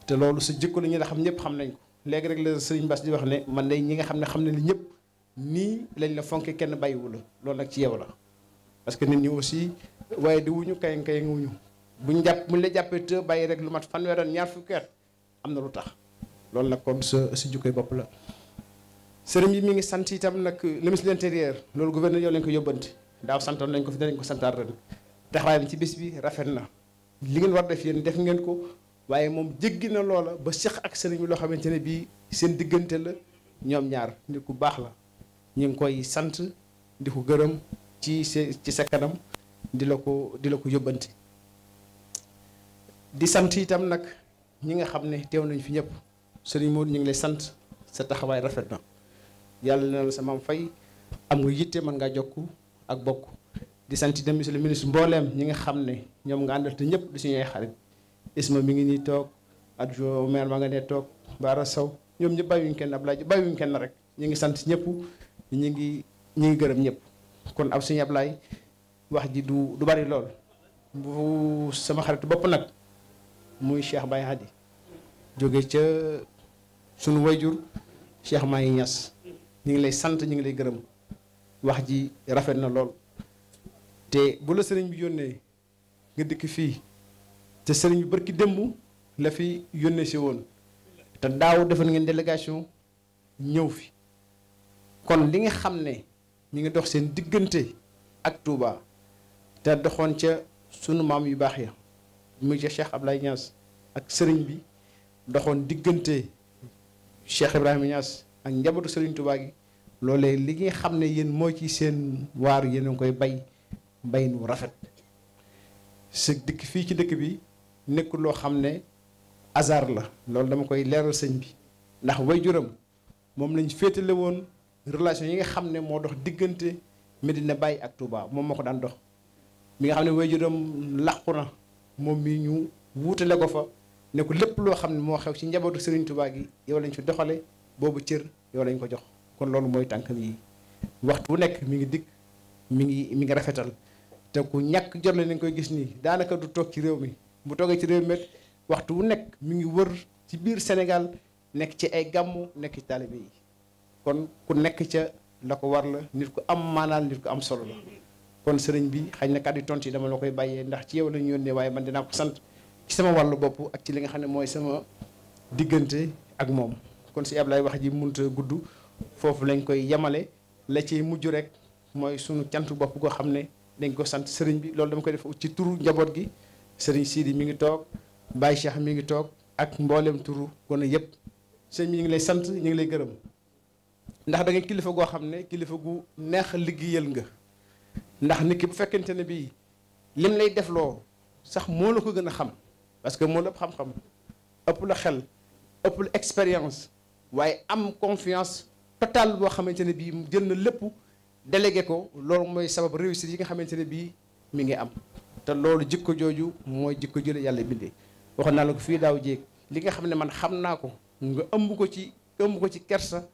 D: te loolu sa jikko la ñu la xam ñëpp xam nañ ko léegi rek la sëriñ Bass di wax ne man day ñi nga xam ne xam ne li ñëpp nii lañ la fonke kenn bàyyiwula loolu nag ci yow la parce que nit ñi aussi waaye di wuñu kayang kayang wuñu buñ jàpp buñ la jàppee te bàyyi rek lu mat fanweeroon ñaar fukki at am na lu tax loolu nag kon sa sa jikkoy bopp la sëriñ bi mi ngi sant itam nag le ministre de loolu gouverneur yow lañ ko yóbbante daaw santoon nañ ko fi danañ ko santaat ren taxawaayam ci bis bi rafet na li ngeen war def yéen def ngeen ko waaye moom jéggi na loola ba seq ak sëriñ loo xamante ne bii seen diggante la ñoom ñaar nit ku baax la ñu ngi koy sant di ko gërëm ci ci sa kanam di la ko di la ko yóbbante di sant itam nag ñi nga xam ne teew nañ fi ñëpp sëriñ Modou ñu ngi lay sant sa taxawaay rafet na yàlla na la sa fay am nga yitte mën ngaa jokk ak bokk di sant dem monsieur le ministre mbooleem ñi nga xam ne ñoom nga àndal te ñëpp du suñuy xarit isma mi ngi nii toog adjoint au maire nga nee toog Bara Sow ñoom ñëpp bàyyiwuñ kenn Ablaye bàyyiwuñ kenn rek ñu ngi sant ñëpp ñu ngi ñu ngi gërëm kon ab suñu Ablaye wax ji du du bari lool bu sama xarit bopp nag muy Cheikh Baye Hadi jóge ca sunu wayjur Cheikh Mahi ñas ñu ngi lay sant ñu ngi lay gërëm wax ji rafet na lool te bu la sëriñ bi yónnee nga dikk fii te sëriñ bi barki démb la fi yónnee si woon te daaw defal ngeen délégation ñëw fi kon li nga xam ne ñu ngi dox seen diggante ak Touba te doxoon ca sunu maam yu baax ya muy ca Cheikh Ablaye Niass ak sëriñ bi doxoon diggante Cheikh Ibrahima Niass ak njabootu Serigne Touba gi loolee li nga xam ne yéen moo ci seen waar yéen a ngi koy bay bay nu rafet sa dëkk fii ci dëkk bi nekkul loo xam ne hasard la loolu dama koy leeral sëñ bi ndax way waajuram moom lañ féetale woon relation yi nga xam ne moo dox diggante Medina Baye ak tubaa moom moo ko daan dox mi nga xam ne waajuram làqu na moom mi ñu wuutale ko fa ne lépp loo xam ne moo xew ci njabootu Serigne Touba gi yow lañ fi doxale boobu cër yow lañ ko jox kon loolu mooy tànk yi waxtu wu nekk mi ngi dikk mi ngi mi ngi rafetal te ku ñàkk jot la nañ koy gis nii daanaka du toog ci réew mi bu toogee ci réew mi waxtu wu nekk mi ngi wër ci biir Sénégal nekk ci ay gàmmu nekk ci taalibe kon ku nekk ca la ko war la nit ku am maanaam nit ku am solo la kon sëriñ bi xañ na kàddu tont yi dama la koy bàyyee ndax ci yow la ñu yónnee waaye man dinaa ko sant ci sama wàllu bopp ak ci li nga xam ne mooy sama diggante ak moom kon si lay wax ji munta gudd foofu lañ koy yemale la ci mujj rek mooy sunu cant bopp goo xam ne dañ ko sant sëriñ bi loolu dama koy def ci turu njaboot gi sëriñ di mi ngi toog Baye Cheikh mi ngi toog ak mboolem turu gone yëpp sëñ bi ñu ngi lay sant ñu ngi lay gërëm ndax da kilifa goo xam ne kilifa gu neex liggéeyal nga ndax nit ki bu fekkente ne bii lim lay def loo sax moo la ko gën a xam parce que moo la ëpp xam-xam ëpp la xel ëpp expérience waaye am confiance totale boo xamante ne bii jël na lépp délégué ko loolu mooy sabab réussite yi nga xamante ne bii mi ngi am te loolu jikko jooju mooy jikko jële yàlla bindee waxoon naa la ko fii daaw jéeg li nga xam ne man xam naa ko nga ëmb ko ci ëmb ko ci kersa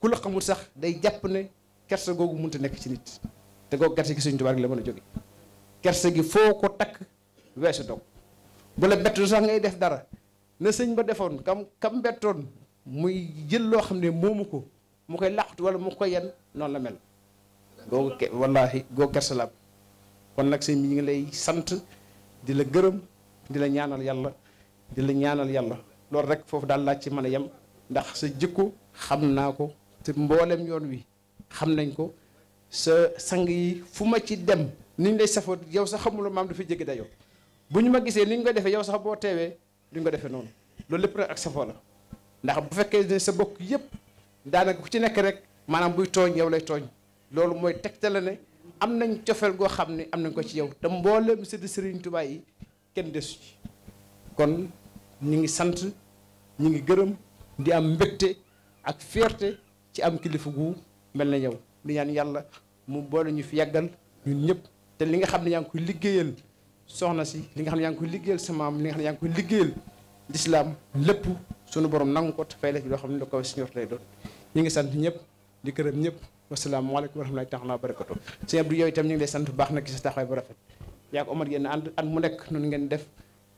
D: ku la xamul sax day jàpp ne kersa googu mun a nekk ci nit te koo kersa gi Sëñ Tuubaa la mën a jóge kersa gi foo ko takk weesu dog bu la bettu sax ngay def dara na sëñ ba defoon kam kam muy jël loo xam ne moomu ko mu koy làqut wala mu ko yan noonu la mel googu ke wallaahi googu la kon nag sëñ bi ñu ngi lay sant di la gërëm di la ñaanal yàlla di la ñaanal yàlla loolu rek foofu daal laaj ci man a yem ndax sa jikko xam naa ko te mboolem yoon wi xam nañ ko sa sang yi fu ma ci dem ni ñu lay safoo yow sax xamuloo maam du fi jege dayoo bu ñu ma gisee ni ñu ko defee yow sax boo teewee duñ ko defee noonu loolu lépp rek ak safoo la ndax bu fekkee ne sa bokk yëpp daanaka ku ci nekk rek maanaam buy tooñ yow lay tooñ loolu mooy tegtale ne am nañ cofeel goo xam ne am nañ ko ci yow te mboole mu Sëriñ Tuubaa yi kenn desu ci kon ñu ngi sant ñu ngi gërëm di am mbégte ak fierté ci am kilifa gu mel na ñëw di ñaan yàlla mu boole ñu fi yàggal ñun ñëpp te li nga xam ne yaa ngi koy liggéeyal soxna si li nga xam ne yaa ngi koy liggéeyal sa maam li nga xam ne yaa ngi koy liggéeyal lislaam lépp sunu borom nangu ko te fay la ci loo xam ne lu kawe suñu wax lay doon ñu ngi sant ñëpp di gërëm ñëpp wasalaamaaleykum wa rahmatullaahi taala wa barakaatu sëñ Abdou yow itam ñu ngi lay sant baax nag ci sa taxawaay bu rafet yaa ko Omar yéen ànd at mu nekk noonu ngeen def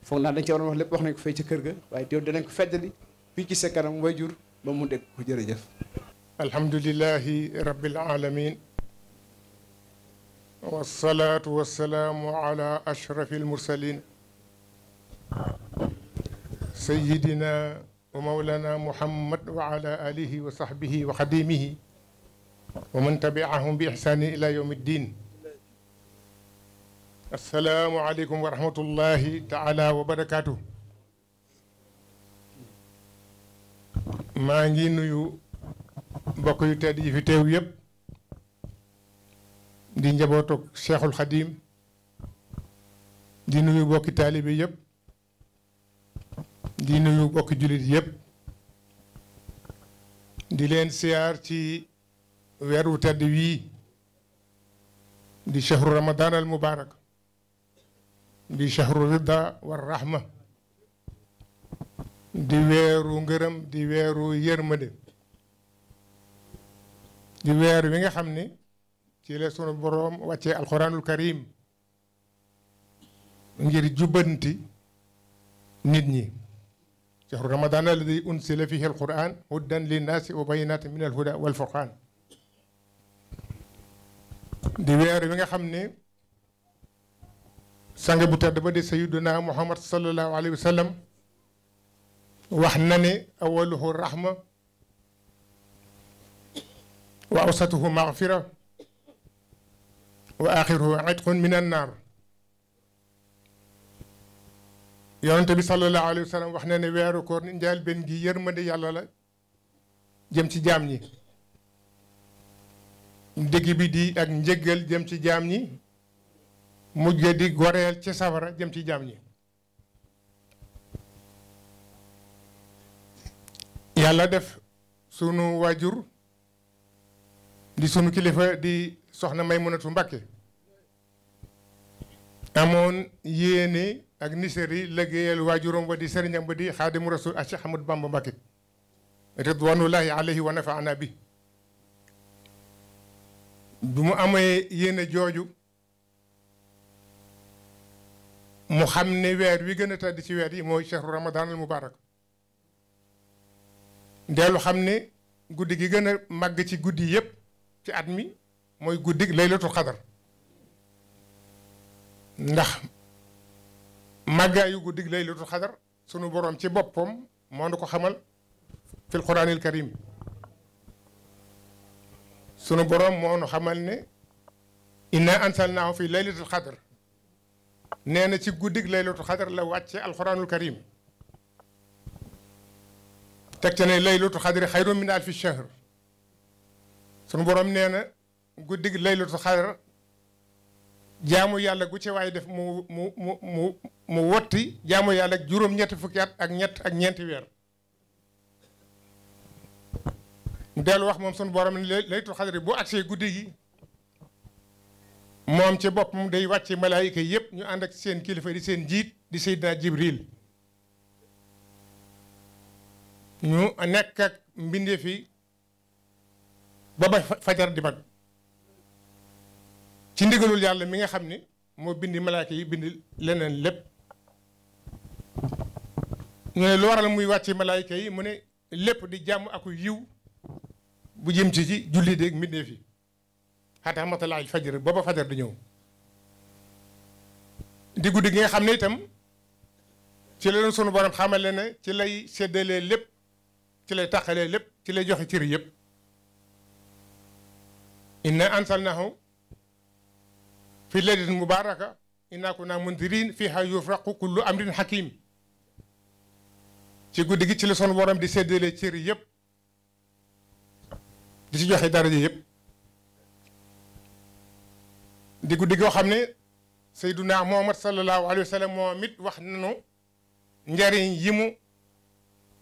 D: foog naa dañ ci waroon wax lépp wax nañ ko fay ci kër ga waaye yow danañ ko feddali fii ci sa kanam way jur ba mu dégg ko jërëjëf
E: alhamdulilahi rabbil alamin wasalaatu wasalaamu ala ashrafi almursalin wa mawlana muhammad wa ala wa sahbihi wa xadimihi wa man tabiahum bi ihsaanin ila yawmi ddin assalaamu aleykum wa rahmatullahi taala wa barakaatu maa ngi nuyu mbokk yu tedd yi fi nuyu bokki taalibe yëpp di nuyu bokki jullit yëpp di leen siyaar ci weeru tedd wii di chahru ramadan al mubarak di chahru rida war rahma di weeru ngërëm di weeru yërmande di weer wi nga xam ni ci la sunu boroom wàccee alquranul karim ngir jubbanti nit ñi شهر رمضان الذي أنزل فيه القرآن هدى للناس وبينات من الهدى والفرقان di weer wi nga xam ne sang bu tedd ba di sayiduna muhammad sallallahu alayhi wa sallam wax na ne awaluhu rahma wa awsatuhu maghfira wa axiruhu itqun min annaar yonente bi sallallahu alayhi wa wax na ne weeru koor njaal benn gi yërmande yàlla la jëm ci jaam ñi digg bi di ak njëggal jëm ci jaam ñi mujj di goreel ci safara jëm ci jaam ñi yàlla def sunu waajur di sunu kilifa di soxna Maymunatu Mbàkke amoon yéene ak niseer yi liggéeyal waajuram ba di sëriñam ba di xaadimu rasul ak Cheikh Ahmadou Bamba Mbacké ridwanullahi alayhi wa nafaana bi bu mu amee yéene jooju mu xam ne weer wi gën a tàdd ci weer yi mooy chehru ramadan al mubarak dellu xam ni guddi gi gën a màgg ci guddi yépp ci at mi mooy guddi laylatul qadar ndax màggaayu guddig laylatul xadar sunu borom ci boppam moo nu ko xamal fil quranil karim sunu borom moo nu xamal ne inna ansalnaahu fi laylatul xadar nee na ci guddig laylatul xadar la wàcce alquranul karim teg ca ne laylatul xadri xayrun min alfi shahr sunu borom nee na guddig laylatul xadar jaamu yàlla gu ci waay def mu mu mu mu mu wotti jaamu yàlla ak juróom-ñetti fukki at ak ñett ak ñeenti weer dellu wax moom sunu borom ne laytul xadri bu agsee guddi gi moom ci boppam day wàcce malaayika yëpp ñu ànd ak seen kilifa di seen jiit di Seydina Jibril ñu nekk ak mbindeef yi ba ba fajar di mag ci ndigalul yàlla mi nga xam ni moo bindi malaayika yi bind leneen lépp ñu ne lu waral muy wàcce malaayka yi mu ne lépp di jàmm aku yiw bu jëm ci ci julli déeg mbindeef yi xataa matalaay fajar booba fajar di ñëw di guddi gi nga xam ne itam ci la doon sunu borom xamale ne ci lay séddalee lépp ci lay tàqalee lépp ci lay joxe cër yëpp inna ansalnahu fi laylatin mubaraka inna kunna mundirin fiha yufraqu kullu amrin hakim ci guddi gi ci la son borom di séddale cër yëpp di ci joxe daraja yépp di guddi goo xam ne Seydunaa Muhammad sallallahu alayhi wa sallam moom it wax nanu njariñ yimu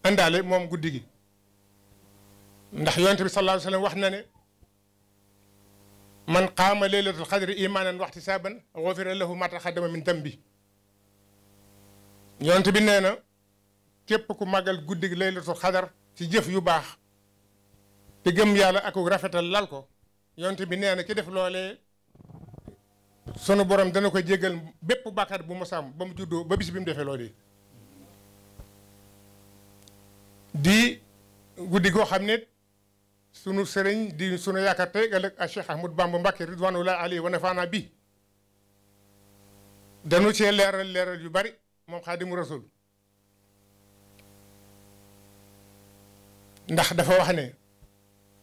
E: mu moom guddi gi ndax yonent bi sallallahu alayhi wax na man qaama laylatul qadri imaanan waxtisaaban xufira lahu ma taqaddama min dambi yonent bi nee na képp ku màggal guddig laylatul xadar ci jëf yu baax te gëm yàlla ak rafetal lal ko yonte bi nee na ki def loolee sunu borom dana ko jéggal bépp bàkkaar bu mu sàmm ba mu juddoo ba bis bi mu defee loolee di guddi goo xam ne sunu sëriñ di sunu yaakaar te ëllëg ak Cheikh Ahmadou Bamba Mbacké ridwanullahi alayhi wa nafaana bi danu cee leeral leeral yu bari moom Xaadimu Rasul ndax dafa wax ne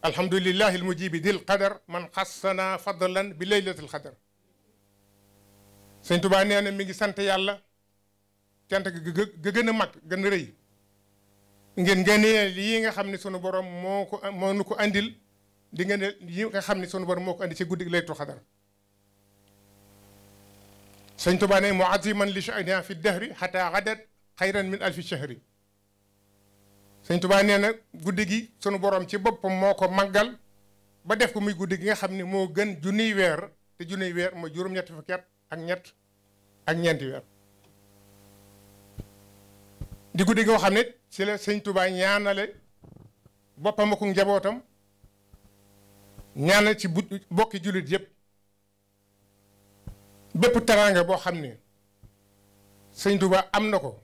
E: alhamdulillahi almujibi dil qadar man xassana fadlan bi laylatil qadar sëñ Tuubaa nee mi ngi sant yàlla cant ga gën a mag gën a rëy ngeen ngeen lii nga xam ne sunu borom moo ko moo nu ko andil di ngeen yi nga xam ne sunu borom moo ko andi guddi laylatul qadar sëñ Tuubaa ne muaziman li sha'niha fi dahri xata gadat xayran min alfi shahri sëñ Tuubaa nee na guddi gi sunu boroom ci boppam moo ko màggal ba def ko muy guddi gi nga xam ni moo gën junniy weer te junniy weer moo juróom-ñetti fukki ak ñett ak ñeenti weer. di guddi gi nga xam ne ci la sëñ Tuubaa ñaanale boppam ak njabootam ñaanal ci bu bokki jullit yëpp bépp teraanga boo xam ne sëñ Tuubaa am na ko.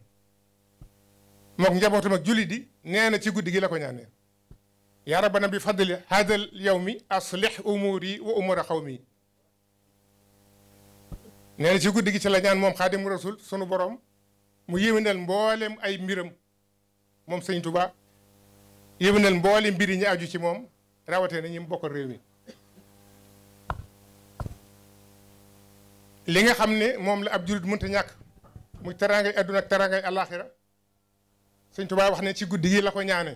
E: mook njabootam ak jullit yi nee na ci guddi gi la ko ñaanee yaa rabbana bi fadli hadal yawmi aslih umuri wa umura xawmi nee na ci guddi gi ci la ñaan moom xaadimu rasul sunu borom mu yéwénal mboolem ay mbiram moom sëñ Tuba yéwénal mboolem mbiri ñi aju ci moom rawatee na ñi mu bokkal réew mi li nga xam ne moom la ab jullit mënta ñàkk muy teraangay adduna ak teraangay alaaxira sëñ Tuubaa wax ne ci guddi yi la ko ñaane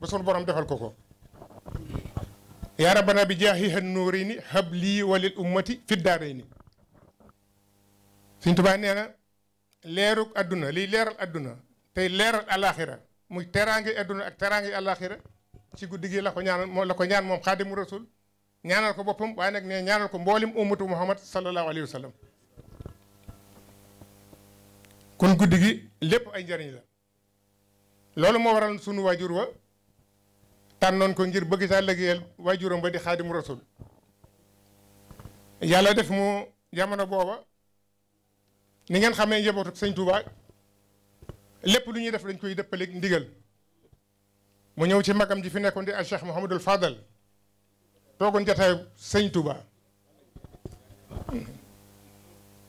E: ba sunu borom defal ko ko yaa rabbana bi jaahi han nuurayni hab lii nee na leeruk adduna liy leeral adduna tey leeral alaxira muy teraangi adduna ak teraangi alaxira ci guddi gi la ko ñaanal la ko ñaan moom xaadimu rasul ñaanal ko boppam waaye nag ne ñaanal ko mboolim ummatu muhammad sallallahu alayhi wa sallam kon guddi gi lépp ay njariñ la loolu moo waral sunu waajur wa tànnoon ko ngir bëgg saa liggéeyal waajuram ba di xaadimu rasul yàlla def mu jamono booba ni ngeen xamee njabootu sëñ Touba lépp lu ñuy def dañ koy dëppaleeg ndigal mu ñëw ci magam ji fi nekkoon di al Cheikh Mouhamadul Fadal toogoon jataayu sëñ Touba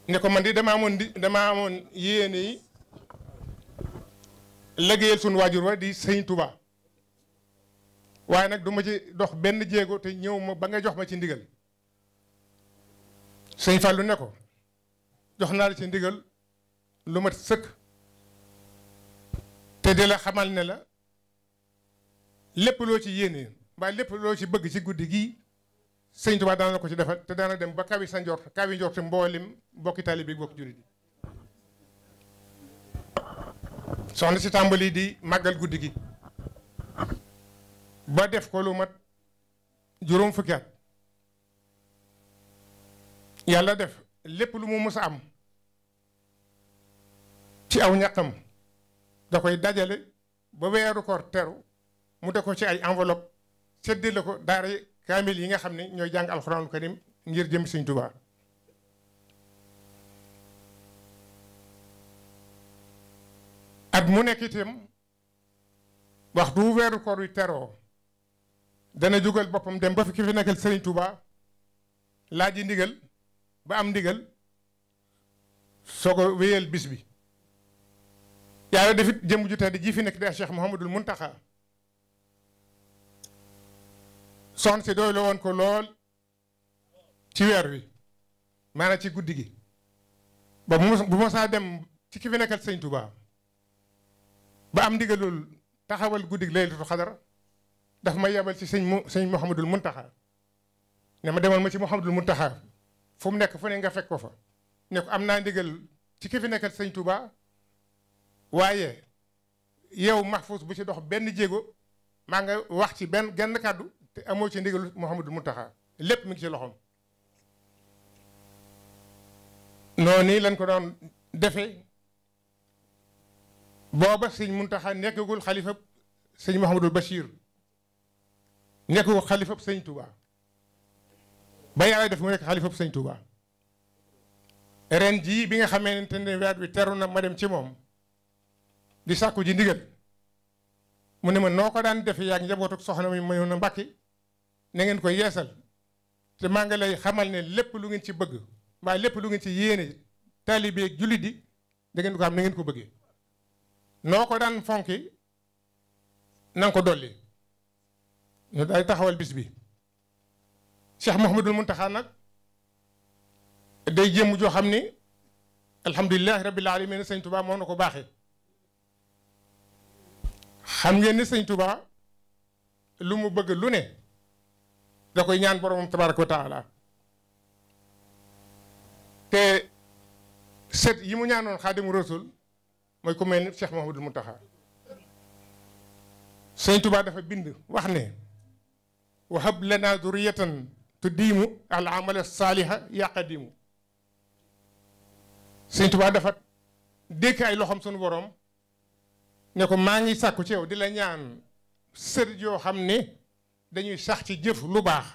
E: ne ko man di dama amoon di dama amoon yéene yi liggéeyal suñu waajur wa di sëñ Touba waaye nag du ma ci dox benn jéego te ñëw ma ba nga jox ma ci ndigal sëñ lu ne ko jox naa la ci ndigal lu mat sëkk te di la xamal ne la lépp loo ci yéene mbaa lépp loo ci bëgg ci guddi gii sëñ Touba daana ko ci defal te daana dem ba kawi sa njort kawi njort mboolim mbokki taalibe bi bokki jurit soxna si tàmbalii di màggal guddi gi ba def ko lu mat juróom fukki at yàlla def lépp lu mu mës a am ci aw ñaqam da koy dajale ba weeru koor teru mu def ko ci ay enveloppe séddale ko daara kaamil yi nga xam ne ñooy jàng alxuraanul karim ngir jëm Sëñ Tuubaa at mu nekk itam waxtu wu weeru koor wi teroo dana jógal boppam dem ba fi ki fi nekkal Serigne Touba laaj yi ndigal ba am ndigal soog a wéyal bis bi. yàlla defit jëm ju tedd ji fi nekk di Cheikh Mouhamadul Muntaxa soxna si doy la woon ko lool ci weer wi maanaam ci guddi gi ba bu ma saa dem ci ki fi nekkal Serigne Touba. ba am ndigalul taxawal guddig laylatul xadar dafa ma yebal ci sëñ mu sëñ Mouhamadul Muntaxa ne ma demal ma ci Mouhamadul Muntaxa fu mu nekk fu ne nga fekk ko fa ne am naa ndigal ci ki fi nekkal sëñ tubaa waaye yow Mahfouz bu ci dox benn jéego maa nga wax ci benn genn kàddu te amoo ci ndigalul Mouhamadul Muntaxa lépp mu ngi ci loxoom. noonu lañ ko doon defee booba sëñ Muntaxa nekkagul xalifab sëñ Mouhamadou Bachir nekkagul xalifab sëñ Touba ba yàlla def mu nekk xalifa sëñ Touba ren jii bi nga xamante ne weer bi teru na ma dem ci moom di sàkku ji ndigal mu ne ma noo ko daan defee yaa njabootu soxna mi ma na mbàkki na ngeen koy yeesal te maa ngi lay xamal ne lépp lu ngeen ci bëgg mbaa lépp lu ngeen ci yéene taalibe ak jullit yi da ko am na ngeen ko bëggee. noo ko daan fonki na nga ko dolli ñu day taxawal bis bi Cheikh Mouhamadul Muntaxa nag day jëmm joo xam ni alhamdulilahi rabbil alamin sëñ Touba moo na ko baaxee xam ngeen ni sëñ Touba lu mu bëgg lu ne da koy ñaan boromam tabaraka wa taala te set yi mu ñaanoon xaadimu rasul mooy ku mel ni Cheikh Mouhamadul Mountakha Sëñ Tuubaa dafa bind wax ne wahab lana duriyatan tuddiimu al amala saaliha yaqadimu Sëñ Tuubaa dafa dékk ay loxoom sunu borom ne ko maa ngi sàkku ci yow di la ñaan sër yoo xam ne dañuy sax ci jëf lu baax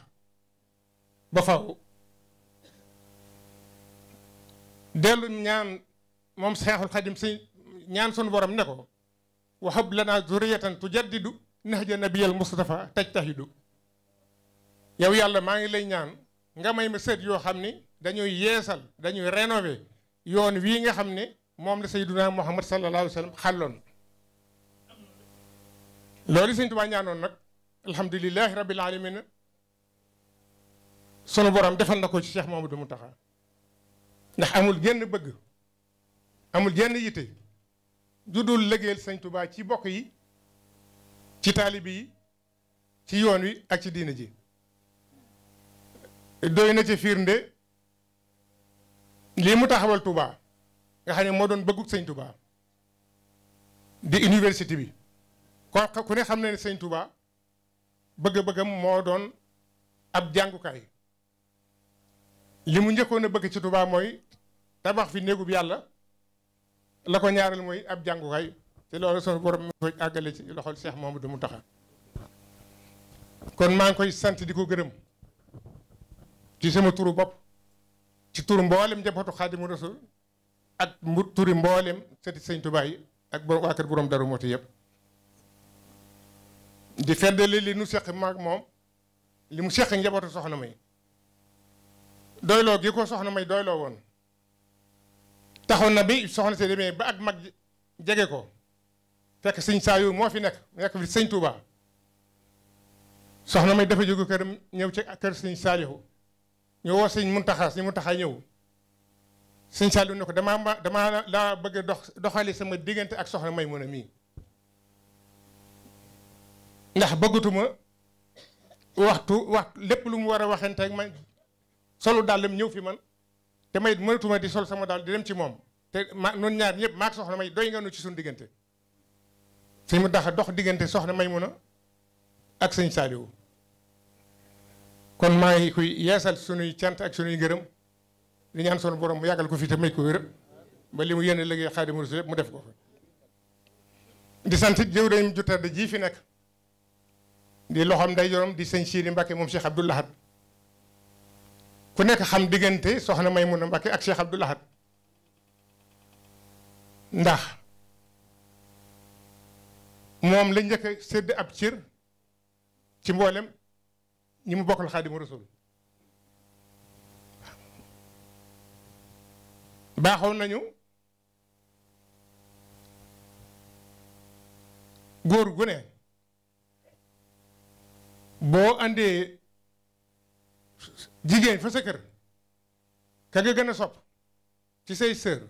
E: ba faw dellu ñaan moom Seexul Xadim sëñ ñaan sunu borom ne ko wahab lana zuriyatan tujaddidu nahja nabiyal mustafa tajtahidu yow yàlla maa ngi lay ñaan nga may ma seet yoo xam ni dañuy yeesal dañuy rénover yoon wii nga xam ne moom la sayyiduna muhammad sallallahu alayhi wa sallam xàlloon loolu sëñ Tuubaa ñaanoon nag alhamdulilahi rabbil alamina sunu borom defal na ko ci Cheikh Mamadou Mountakha ndax amul genn bëgg amul genn yitte ju dul liggéeyal sëñ Tuubaa ci bokk yi ci taalibi yi ci yoon wi ak ci diina ji doy na ci firnde lii mu taxawal Touba nga xam ne moo doon bëggug sëñ Touba di université bi kon ku ne xam na ne sëñ Touba bëgg-bëggam moo doon ab jàngukaay li mu njëkkoon a bëgg ci Touba mooy tabax fi néegub yàlla la ko ñaaral mooy ab jàngukaay te loolu sunu borom mi koy àggale ci loxol Cheikh Mamadou kon maa ngi koy sant di ko gërëm ci sama turu bopp ci turu mboolem njabootu Xaadimu Rasuul ak mu turi mboolem sëti Sëñ ak borom waa kër borom Daaru Muxti yëpp di feddali nu seq maag moom li mu seq njabootu soxna may doyloo gi ko soxna may doyloo woon taxoon na bi soxna si demee ba ak mag jege ko fekk sëñ Saliou moo fi nekk nekk fi sëñ Touba soxna may dafa jógu këram ñëw ci kër sëñ Saliou ñu woo sëñ Mountakha sëñ taxa ñëw sëñ Saliou ne ko damaa ma damaa laa bëgg dox doxali sama diggante ak soxna may mun a mii ndax bëggatuma waxtu waxtu lépp lu mu war a waxante ak man solu dàllam ñëw fi man te may mënatuma di sol sama daal di dem ci moom te ma noonu ñaar ñëpp maak soxna may doy nga nu ci suñu diggante sëñ mu daxa dox diggante soxna may mun a ak sëñ saaliwu kon maa ngi koy yeesal sunuy cant ak sunuy ngërëm di ñaan sunu borom mu yàggal ko fi te may ko wér ba li mu yéene liggéey Xaadimu Rasuul yëpp mu def ko fa di sant jëw dañu ju tedd ji fi nekk di loxoom day yorom di sëñ Siidi Mbàkke moom Cheikh du laxat ku nekk xam diggante soxna may Maymuna Mbàkke ak Cheikh Abdoul Ahad ndax moom la njëkk a ab cër ci mboolem ñi mu bokkal Xaadimu Rasul baaxoon nañu góor gune ne boo andee jigéen fa sa kër ka nga gën a sopp ci say sœur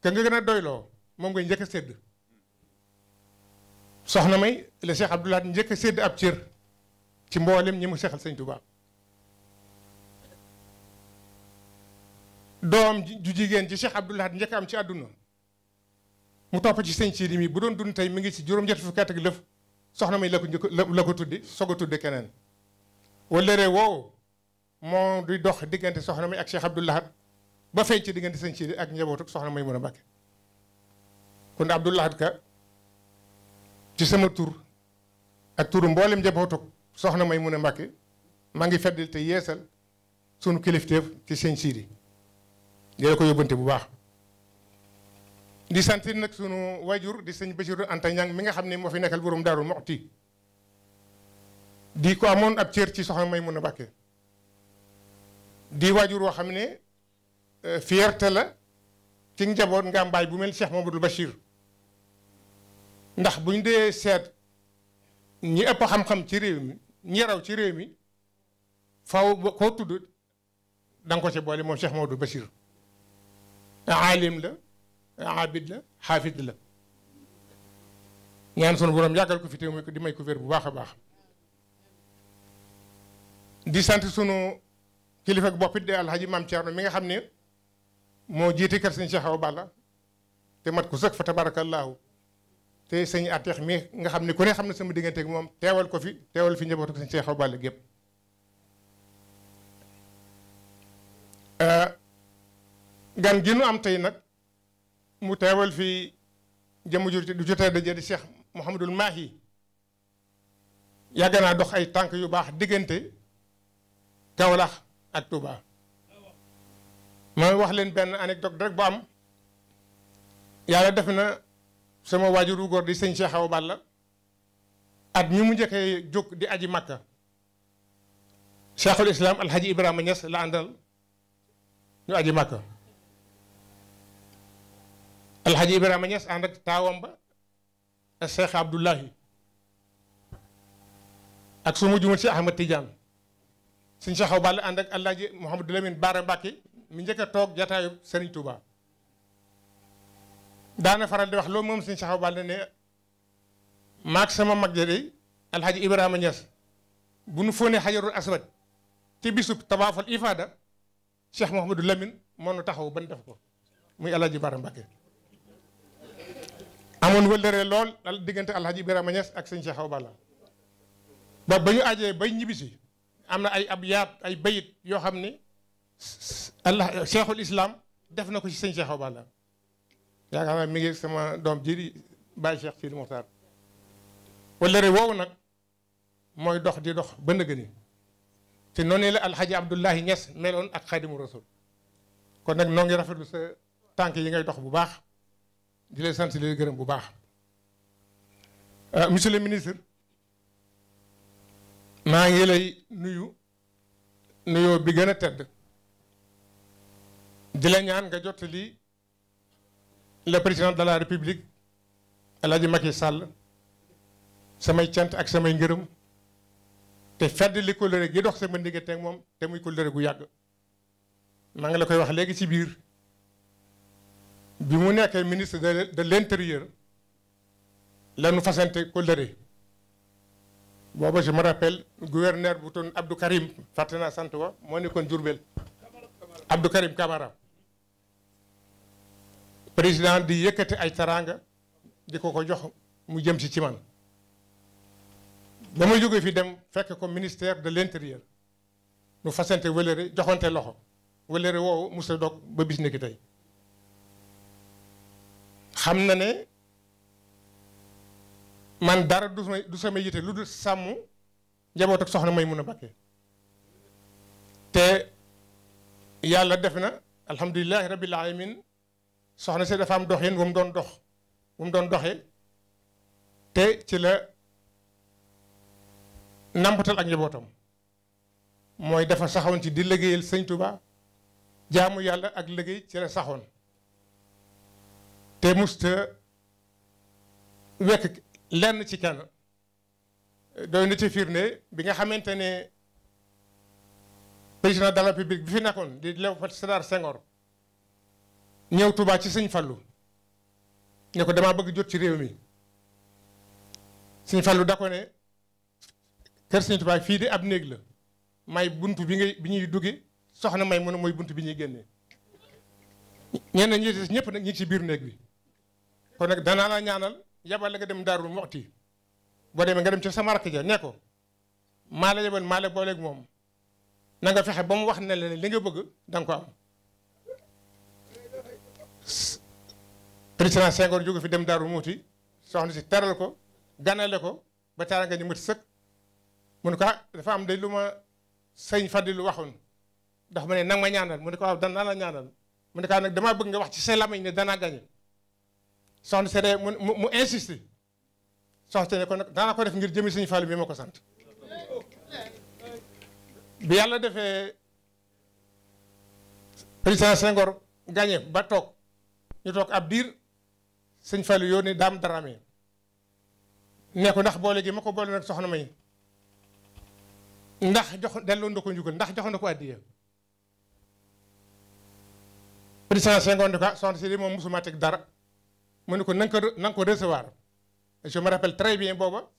E: ka nga gën a doyloo moom ngay njëkk a soxna may la Cheikh Abdou njëkk a ab cër ci mboolem ñi mu seexal sëñ Tuubaa doom ju jigéen ji Cheikh Abdou Lahad njëkk am ci àdduna mu topp ci sëñ Siidi mi bu doon dund tey mi ngi ci juróom-ñett fukki at ak lëf soxna may la ko la ko tuddi soog a keneen wala ree woow moo di dox diggante soxna mi ak Cheikh Abdou Lahad ba feeñ ci diggante sëñ Sidi ak njabootu soxna may mën a Mbàkke kon Abdou Lahad ka ci sama tur ak turu mboolem njabootu soxna may mën a Mbàkke maa ngi feddil te yeesal sunu kilifteef ci sëñ Sidi dina ko yóbbante bu baax di sant nag sunu wajur di sëñ Bassirou Anta Niang mi nga xam ne moo fi nekkal borom Daaru Muxti di ko amoon ab cër ci soxna may mën a Mbàkke di waajur woo xam ne euh, fierté la ci njaboot nga am baay bu mel Cheikh du Bachir ndax bu buñ dee seet ñi ëpp xam-xam ci réew mi ñi raw ci réew mi faw koo tudd da nga ko ci boole moom Cheikh Mamadou Bachir aalim la aabid la xaafid la ñaan sunu borom yàggal ko fi te may ko bu baax a baax di sant sunu kilifa ak bopp de day alxaji maam Thierno mi nga xam ne moo jiite kër sëñ Cheikh Awa Balla te mat ko sëkk fa tabaarakallaahu te sëñ Atex mi nga xam ni ku ne xam ne sama diggante ak moom teewal ko fi teewal fi njabootu sëñ Cheikh Awa Balla gépp euh, gan gi nu am tey nag mu teewal fi jëmm ju du jotee daje di Cheikh Mouhamadul Mahi yàgg naa dox ay tànk yu baax diggante Kaolack ak Touba mooy wax leen benn anecdote rek bu am yàlla def na sama waajuru góor di sëñ Cheikh Awa Balla at ñi mu njëkkee jóg di aji Makka Cheikhul Islam ibraham a Niass la àndal ñu aji Makka Alhaji Ibrahima Niass ànd ak taawam ba ak Cheikh Abdoulahi ak su ma juumul si Ahmad Tidiane suñ saxaw bàll ànd ak Alaaji Mouhamadou Lamine Baara Mbàkke mi njëkk a toog jataayu Sëriñ Tuuba daana faral di wax loolu moom suñ saxaw bàll ne maak sama mag jëri Alxaaji Ibrahima Ñas bu nu foonee xajarul aswad ci bisu tawaaful ifaada Cheikh Mouhamadou Lamine moo nu taxaw ban def ko muy Alaaji Baara Mbàkke amoon wëllëree lool diggante Alxaaji Ibrahima Ñas ak sëñ Cheikh Awa Balla ba ba ñu ajee bay ñibbisi am na ay abyaat ay bayit yoo xam ne allah cheikhul islam def na ko ci sëñ Cheikh Awa Balla yaakaar naa mi ngi sama doom ji di bàyyi Cheikh Sidi Mokhtar wala re woowu nag mooy dox di dox ba ndëgëni te noonu la alxaji Abdullahi Niass meloon ak xadimu rasul kon nag noo ngi rafetlu sa tànk yi ngay dox bu baax di lay sant di lay gërëm bu baax euh, monsieur le ministre maa ngi lay nuyu nuyoo bi gën a tedd di la ñaan nga lii le président de la république El Hadj Macky sàll samay cant ak samay ngërëm te fedd li kóllëre gi dox sama ndiggante teg moom te muy kóllëre gu yàgg maa ngi la koy wax léegi ci biir bi mu nekkee ministre de l'intérieur lanu fasante kóllëre booba je me rappelle bu toon Abdou Karim fàtte naa sant wa moo nekkoon Diourbel Abdou Karim Camara président di yëkkati ay taraanga di ko ko jox mu jëm si ci man ba ma jógee fii dem fekk ko ministère de l'intérieur nu fasante wëlëre joxante loxo wëlëre woowu musa dog ba bis ni tey xam na ne man dara du sama du sama yite lu dul sàmm njaboot ak soxna may mun a bakke te yàlla def na alhamdulilahi rabbil alamin soxna si dafa am doxin wu mu doon dox wu mu doon doxee te ci la nampatal ak njabootam mooy dafa saxoon ci di liggéeyal sëñ Tuba jaamu yàlla ak liggéey ci la saxoon te musta wekk lenn ci kenn doy na ci firnde bi nga xamante ne président de la république bi fi nekkoon di Léopold Sédar Senghor ñëw Touba ci sëñ Fallu ne ko damaa bëgg jot ci réew mi sëñ Fallu da ko ne kër sëñ Touba fii di ab néeg la may buntu bi ngay bi ñuy dugge soxna may mën a mooy buntu bi ñuy génnee ñenn ñi ñëpp nag ñi ci biir néeg bi kon nag danaa la ñaanal yabal la nga dem daarul moxti boo demee nga dem ci sama rakk ja ne ko maa la yabal maala la booleeg moom na nga fexe ba mu wax ne la li nga bëgg da nga ko am président Senghor jóge fi dem daarul muuti soxna si teral ko ganale ko ba taara nga ñu mët sëkk mu ne ko ah, dafa am day lu ma sëñ Fadilu waxoon ndax mu ne nag ma ñaanal mu ne ko waaw danaa la ñaanal mu ne ko ah, nag damaa wax ci say lamiñ ne danaa gañe soxna Sede mu mu insisti insisté soxna Sede kon nag ko def ngir jëmi suñu Fallou bi ma ko sant bi yàlla defee président Senghor gagné ba toog ñu toog ab diir sëñ Fallou yónni daam Dramé ne ko ndax boole gi ma ko boole nag soxna may ndax jox delloo na ko njugal ndax jox na ko addiya président Senghor di ko ah, soxna si moom mosuma teg dara mu ne ko na ko na nga ko recevoir je me rappelle très bien booba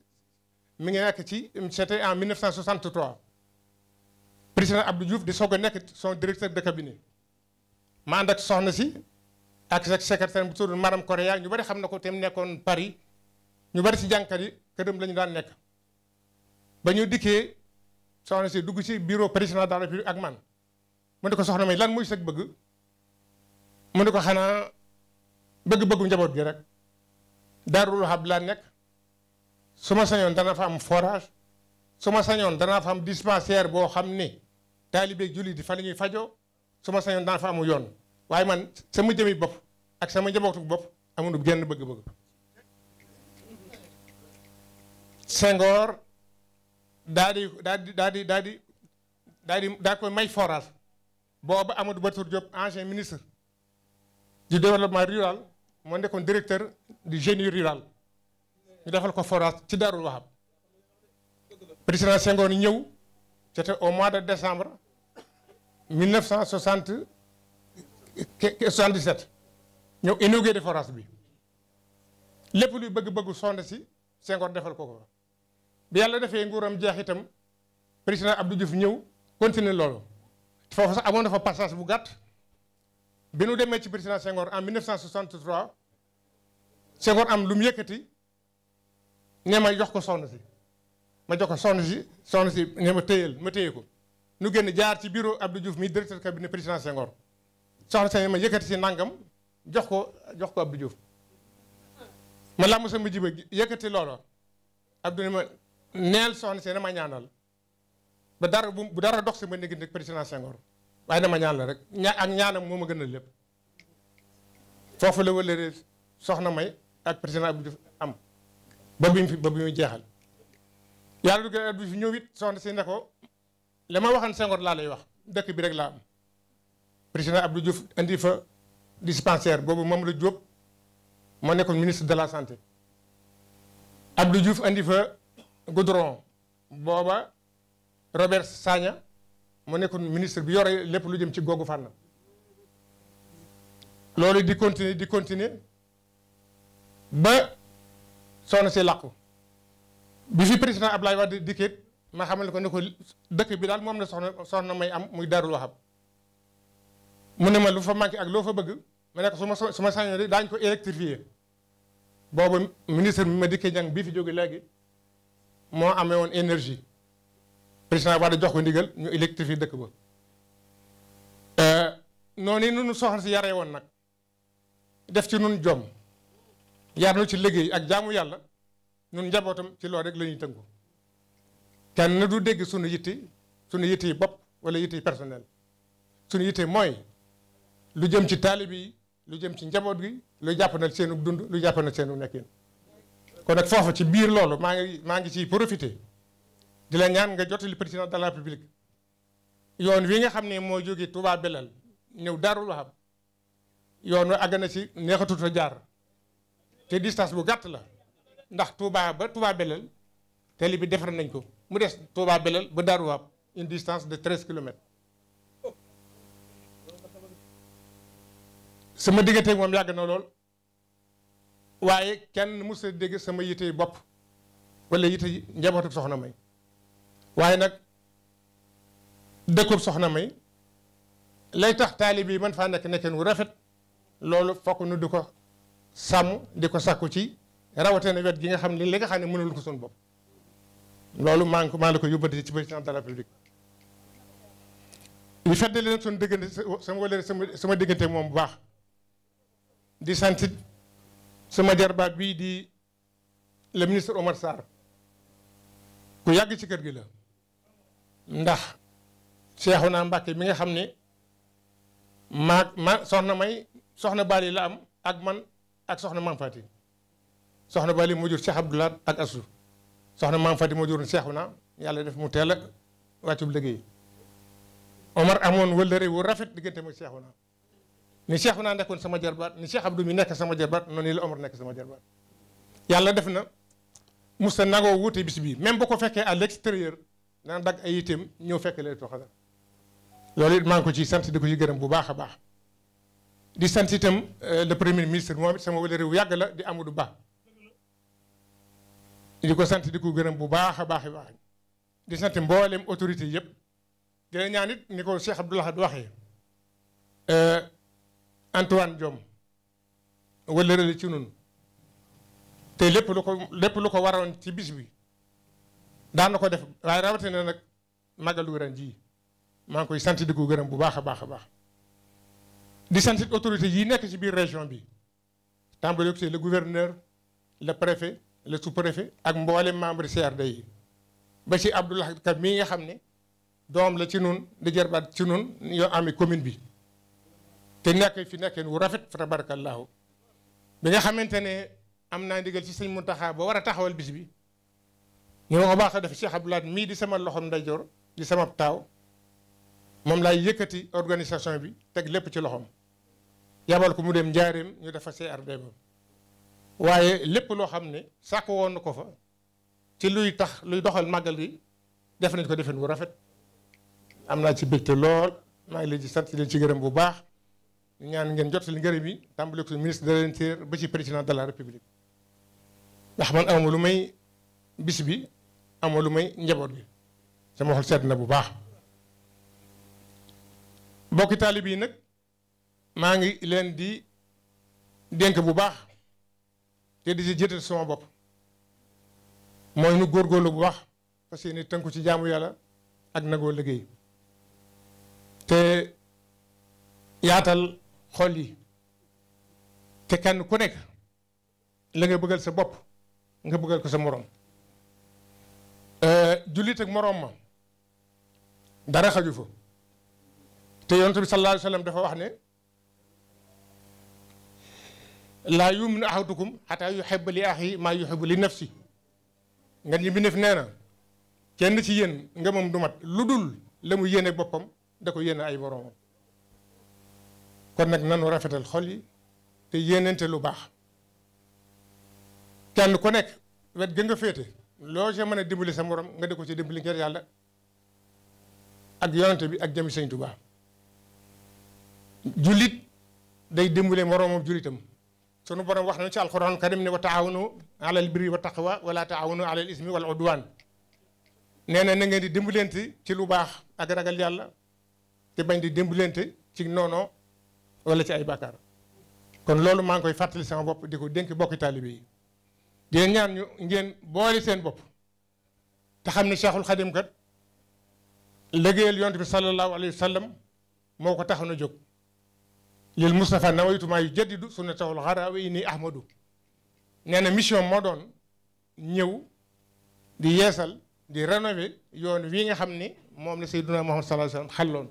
E: mi ngi nekk ci c'était en 1963 président Abdou Diouf di soog a nekk son directeur de cabinet ma ànd ak soxna si ak sa secrétaire bu tudd Maram Korea ñu bari xam na ko te mu nekkoon Paris ñu bari si jànkat yi këram la ñu daan nekk ba ñu dikkee soxna si dugg ci bureau président de la République ak man mu ne ko soxna may lan muy sëg bëgg mu ne ko xanaa bëgg-bëggu njaboot gi rek daarul xab laa nekk su ma sañoon dana fa am forage su ma sañoon danaa fa am dispensaire boo xam ni taalibe julli di fa la ñuy fajoo su ma sañoon dana fa amu yoon waaye man sama jëmi bopp ak sama njabootu bopp amuñu genn bëgg-bëgg Senghor daa di daa di daa di daa di daa di daa koy may forage booba Amadou Batour Diop ancien ministre du développement rural moo nekkoon directeur di génie rural defal ko forage ci Darou Wahab président Senghor ñëw c'était au mois de décembre 1977 ñëw de forage bi lépp luy bëgg-bëggu sonde si Senghor defal ko ko bi yàlla defee nguuram jeex itam président Abdou Diouf ñëw continuer loolu foofu sax amoon na fa passage bu gàtt bi nu demee ci président Senghor en 1963 Senghor am lu mu yëkkati ne ma jox ko soxna si ma jox ko soxna si soxna si ne ma téyel ma téye ko nu génn jaar ci bureau Abdou Diouf mi directeur cabinet président Senghor soxna si ne ma yëkkati si nangam jox ko jox ko Abdou Diouf ma làmm sama jiba yëkkati loola Abdou ne ma neel soxna si ne ma ñaanal ba dara bu dara dox si ma néegi nag président Senghor waaye dama ñaan la rek ña ak ñaanam moom ma gën a lépp foofu la wëlëree soxna may ak président Abdou Diouf am fi ba bi jeexal yàlla du gën Abdou Diouf ñëw it si ne ko la ma waxoon Senghor laa lay wax dëkk bi rek laa am président Abdou Diouf boobu moom la Diop moo nekkoon ministre de la santé Abdou Diouf indi fa booba Robert Sagna moo nekkoon ministre bi yore lépp lu jëm ci googu fànn loolu di continuer di continuer ba soxna si làqu bi fi président ab Abdoulaye Wade dikkeet ma xamal ko ne ko dëkk bi daal moom la soxna soxna may am muy Daarul Wahab mu ne ma lu fa manqué ak loo fa bëgg ma ne su ma so su ma sañoon de daañu ko électrifier boobu ministre bi ma dikkee ñang bii fi jóge léegi moo amee woon énergie président Wade jox ko ndigal ñu électrifier dëkk ba euh, noonu nu soxna si yare woon nag def ci nun jom yar nu ci liggéey ak jaamu yàlla nun njabootam ci loolu rek la ñuy tënku kenn du dégg sunu yitti sunu yitti bopp wala yitti personnel sunu yitti mooy lu jëm ci taalib yi lu jëm ci njaboot gi lu jàppandal seenu dund lu jàppandal seenu nekkin kon nag foofu ci biir loolu maa ngi maa ngi ciy profité di la ñaan nga jottali président de la république yoon wi nga xam ne moo jógee Touba Belal ñëw Daarul Wahab yoon wi àgg na ci neexatut a jaar te distance bu gàtt la ndax Touba ba Touba Belal tali bi defar nañ ko mu des Touba Belal ba Daarul Wahab une distance de treize kilomètres. sama digganteeg moom yàgg na lool waaye kenn mu mësul dégg sama yite bopp walla yite njabootu soxna May. waaye nag dëkkub soxna may lay tax taalib yi man faa nekk nekkeen wu rafet loolu fokk nu di ko sàmm di ko sàkku ci na wet gi nga xam ni li nga xam ne mënul ko suñu bopp loolu maa ngi ko maa la ko yóbbante ci président de la république ñu feddali leen suñu diggante sama wala sama sama diggante moom bu baax di santit sama jarbaat bii di le ministre Omar Sarr ku yàgg ci kër gi la ndax naa Mbàkke mi nga xam ni maag ma soxna may soxna Bali la am ak man ak soxna Maam Fati soxna Bali moo jur Cheikh Abdoulaat ak Asu soxna Maam Fati moo juroon Seexuna yàlla def mu teel a bu liggéey Omar amoon wëllëre wu rafet diggante mu Seexuna ni naa nekkoon sama jarbaat ni Cheikh Abdou mi nekk sama jarbaat noonu la Omar nekk sama jarbaat yàlla def na musta nagoo wuute bis bii même bu ko fekkee à l'extérieur dana dagg ay itam ñëw fekk lay Qadr loolu it maa ngi ko ci sant di ko ci gërëm bu baax a baax di sant itam euh, le premier ministre moom it sama wala yàgg la di Amadou Ba di ko sant di ko gërëm bu baax a baax a baax di sant mbooleem autorité yëpp di la ni ko Cheikh Abdoul Ahad waxee euh, Antoine Diome wala ci nun te lépp lu ko lépp lu ko waroon ci bis bi daan na ko def waaye rawatina nag màggalu ren jii maa ngi koy sant di ko gërëm bu baax a baax a baax di sant autorité yi nekk ci biir région bi tàmbali ko ci le gouverneur le préfet ak mboole membre CRD yi ba ci Abdoulaye Ka mii nga xam ne doom la ci nun di jarbaat ci nun yow amee commune bi te nekk fi nekkeen wu rafet fa tabarakallahu bi nga xamante ne am naa ndigal ci sëñ Muntaxa ba war a taxawal bis bi ñu ko baax a def Cheikh Abdoulaye mii di sama loxom ndajoor di sama taaw moom laay yëkkati organisation bi teg lépp ci loxom yabal ko mu dem njaareem ñu defa CRD ba waaye lépp loo xam ne sàkk woon na ko fa ci luy tax luy doxal màggal gi def nañ ko defen wu rafet am naa ci te lool maa ngi leen ci sant leen ci gërëm bu baax ñaan ngeen jot li ngërëm yi tàmbale ko ministre de l'intérieur ba ci président de la république ndax man awma lu may bis bi amoo lu may njaboot bi sama xol sedd na bu baax bokki taalib yi nag maa ngi leen di dénk bu baax te di ci jëtal sama bopp mooy nu góorgóorlu bu baax parce que ni tënku ci jaamu yàlla ak nagoo liggéey te yaatal xol yi te kenn ku nekk la nga bëggal sa bopp nga bëggal ko sa morom jullit ak moroom ma dara xaju fa te yonent bi sallallahu alayhi wa sallam dafa wax ne laa yuminu ahadukum xataa yuhibba li axi maa yuhibbu li nafsi nga ñu bindeef nee na kenn ci yéen nga moom du mat lu dul la mu yéene boppam da ko yéene ay moroomam kon nag nanu rafetal xol yi te yéenente lu baax kenn ku nekk wet gën nga féete loo ca mën a dimbali sa morom nga di ko ci dimbali ngir yàlla ak yonante bi ak jëmi sëñ Tuubaa jullit day dimbale moroomam jullitam sunu borom wax nañu ci alxuraan karim ne wa taawunu alal birri wa taqwa wala taawunu alal ismi wal udwaan nee na na ngeen di dimbalante ci lu baax ak ragal yàlla te bañ di dimbalante ci noonoo wala ci ay bàkkaar kon loolu maa ngi koy fàttali sama bopp di ko dénk bokki taalibe di ñaan ñu ngeen boole seen bopp te xam ne Cheikhul Khadim kat liggéeyal yonent bi sallallahu alayhi wa moo ko taxoon a jóg lil Moustapha nawaytu maa yu jaddidu sunnatahul xaraawi nii Ahmadu nee na mission moo doon ñëw di yeesal di rénover yoon wii nga xam ni moom la Seydina Muhammad sallallahu alayhi wa xalloon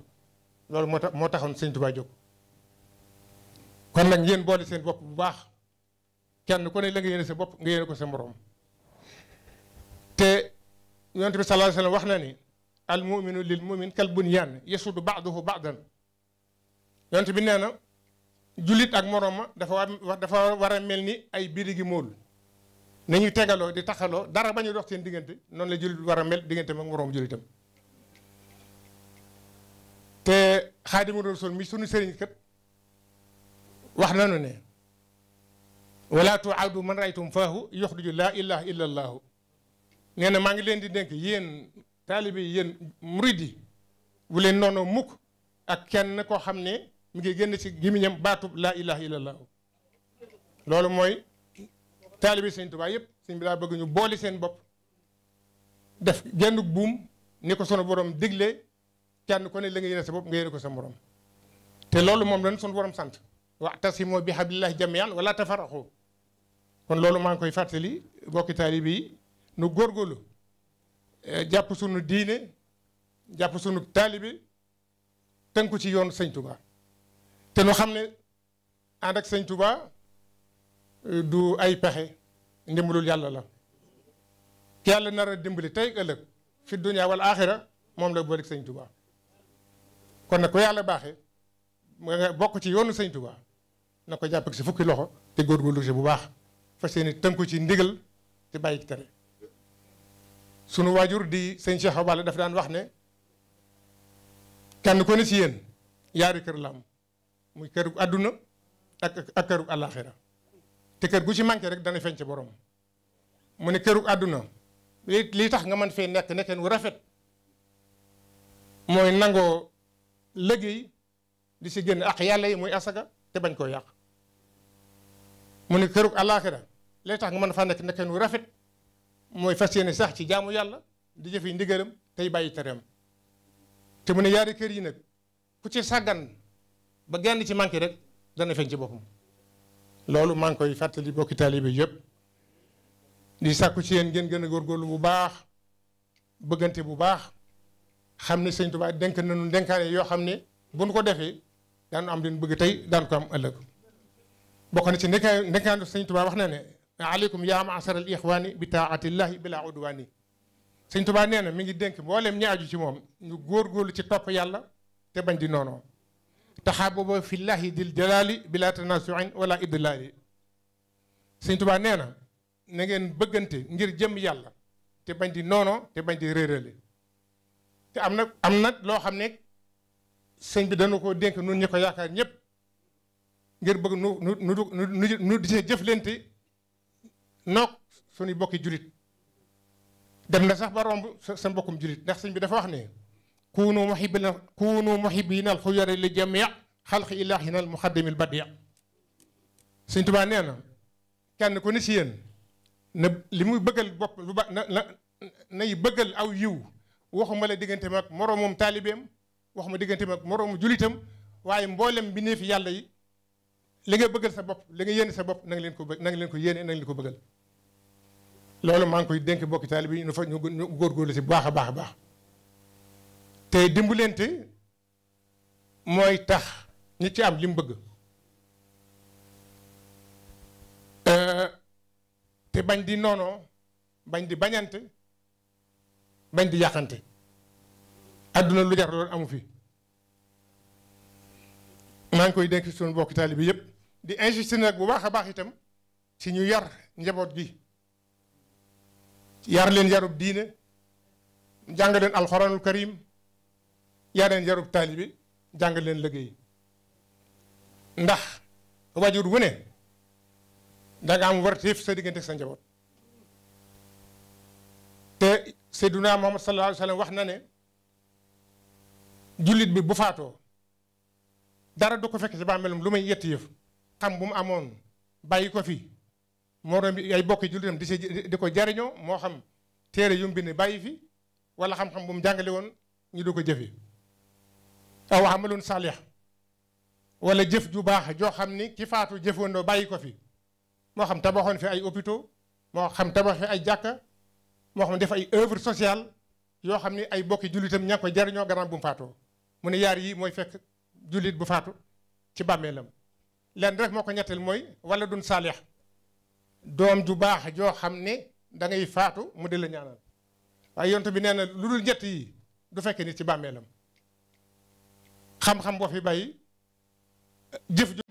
E: loolu moo tax moo taxoon Sëñ Tuubaa jóg kon nag ngeen boole seen bopp bu baax. kenn ko ne la nga yéene sa bopp nga yéene ko sa moroom te yonent bi sallallahu alayhi wa wax na ni al muminu lil mumin kal bunyan yasudu ba'duhu ba'dan yonent bi nee na jullit ak moroom ma dafa war a mel ni ay birigi mool na ñuy tegaloo di taxaloo dara ba ñu dox seen diggante noonu la jullit war a mel digganteem ak moroom jullitam te xaadimu rasul mi sunu sëriñ kat wax nanu ne wala tuaadu man raytum faahu yuxriju laa la illa allaahu nee na maa ngi leen di dénk yéen taalibe yi yéen murid yi bu leen noonu mukk ak kenn koo xam ne mu ngi génn ci gémmiñam baatub laa ilaha illa allaahu loolu mooy taalibe sëñ Tuubaa yëpp sëñ bi daa bëgg ñu booli seen bopp def genn buum ni ko sunu borom digle kenn ko ne la nga yéene sa bopp nga yéene ko sa morom te loolu moom lañ sunu borom sant moo bi hablillahi jamii'an wala tafarraqu kon loolu maa ngi koy fàttali mbokki taalibe yi nu góorgóorlu eh, jàpp sunu diine jàpp sunu taalibe tënku ci yoon sëñ Touba te nu xam ne ànd ak sëñ Touba eh, du ay pexe ndimbalul yàlla la yàlla nar a dimbali tey ëllëg fi dunya wal aaxira moom la booleeg sëñ Touba kon nag ko yàlla baaxe nga bokk ci yoonu sëñ Touba na ko jàpp si fukki loxo te góorgóorlu ci bu baax. fas tënku ci ndigal te bàyyi ci tere sunu waajur di sëñ Cheikh Awa daf daan wax ne kenn ko ne ci yéen yaari kër la am muy këru àdduna ak ak këru àllaaxira te kër gu ci manqué rek dana feeñ ci boroom mu ne këru àdduna li lii tax nga mën fee nekk nekkeen wu rafet mooy nangoo liggéey di si génn ak yàlla yi mooy asaka te bañ koo yàq mu ne këru àllaaxira lay tax nga mën faa nekk nekkee nu rafet mooy fas yéene sax ci jaamu yàlla di jëfe ndigalam tey bàyyi tereem te mu ne yaari kër yi nag ku ci sàggan ba genn ci manqué rek dana feeñ ci boppam loolu maa ngi koy fàttali bokki taalibe yépp di sàkku ci yéen ngeen gën góor góorgóorlu bu baax bëggante bu baax xam ne sëñ Tuubaa denk nanu denkaane yoo xam ne bu nu ko defee daanu am leen bëgg tey daan ko am ëllëg bokk ci ci ndenkaanu sëñ Tuubaa wax na ne aleykum yaa maasara al ixwaani bi bila udwaani sëñ tubaa nee na mi ngi denk mboolem ñi aju ci moom góor góorgóorlu ci topp yàlla te bañ di noonoo taxaababa fillahi dil jalaali bila tanasuin wala idlaali sëñ tubaa nee na na ngeen bëggante ngir jëm yàlla te bañ di noonoo te bañ di réerale te am na am na loo xam ne sëñ bi dañu koo dénk nun ñi ko yaakaar ñëpp ngir bëgg nu nu nu nu di see jëflante noog suñu bokki julit dem na sax ba romb sa mbokkum julit ndax sëñ bi dafa wax ne kunu muhibbina kunu muhibbina alxuyari li jamia xalqi ilahina almuxaddimi albadia sëñ Tuubaa nee na kenn ku ne si yéen na li muy bëggal bopp lu ba na na nay bëggal aw yiw waxuma la diggante mag moroomum taalibeem waxuma diggante mag moroomu julitam waaye mboolem bi fi yàlla yi li nga bëggal sa bopp li nga sa bopp na leen ko na nga leen ko yéene na nga leen ko bëggal loolu maa ngi koy dénk bokki taalibe yi ñu fa ñu góorgóorlu si bu a baax a baax te dimbalante mooy tax ñi ci am li bëgg euh, te bañ di noonoo bañ di bañante bañ di yàqante adduna lu jar loolu amu fi maa ngi koy dénk suñu bokki taalibe yi yëpp di insister nag bu baax a baax itam si ñu yar njaboot gi yar leen yarub diine jàng leen alxuraanul karim yar leen yarub taalibi jàng leen liggéey ndax wajur wu ne danga am warteef sa diggante sa njaboot te Seydunaa Muhammad sallallahu alayhi wa wax na ne jullit bi bu faatoo dara du ko fekk ci bàmmeelam lu may yetti yëf xam bu mu amoon bàyyi ko fi moroom bi ay bokki jullitam di si di ko jariñoo moo xam téere yu mu bind bàyyi fi wala xam-xam bu mu jàngale woon ñu du ko jëfe aw amalun saalix wala jëf ju baax joo xam ni ki faatu jëfandoo bàyyi ko fi moo xam tabaxoon fi ay hôpitaux moo xam tabax fi ay jàkka moo xam def ay œuvre sociale yoo xam ni ay bokki jullitam ña jariñoo gannaaw bu faatoo mu ne yaar yi mooy fekk jullit bu faatu ci bàmmeelam lenn rek moo ñetteel mooy wala dun saalix doom ju baax joo xam ne dangay faatu mu di la ñaanal waaye yonent bi nee na lu dul ñett yi du fekke nit ci bàmmeelam xam-xam boo fi bàyyi jëf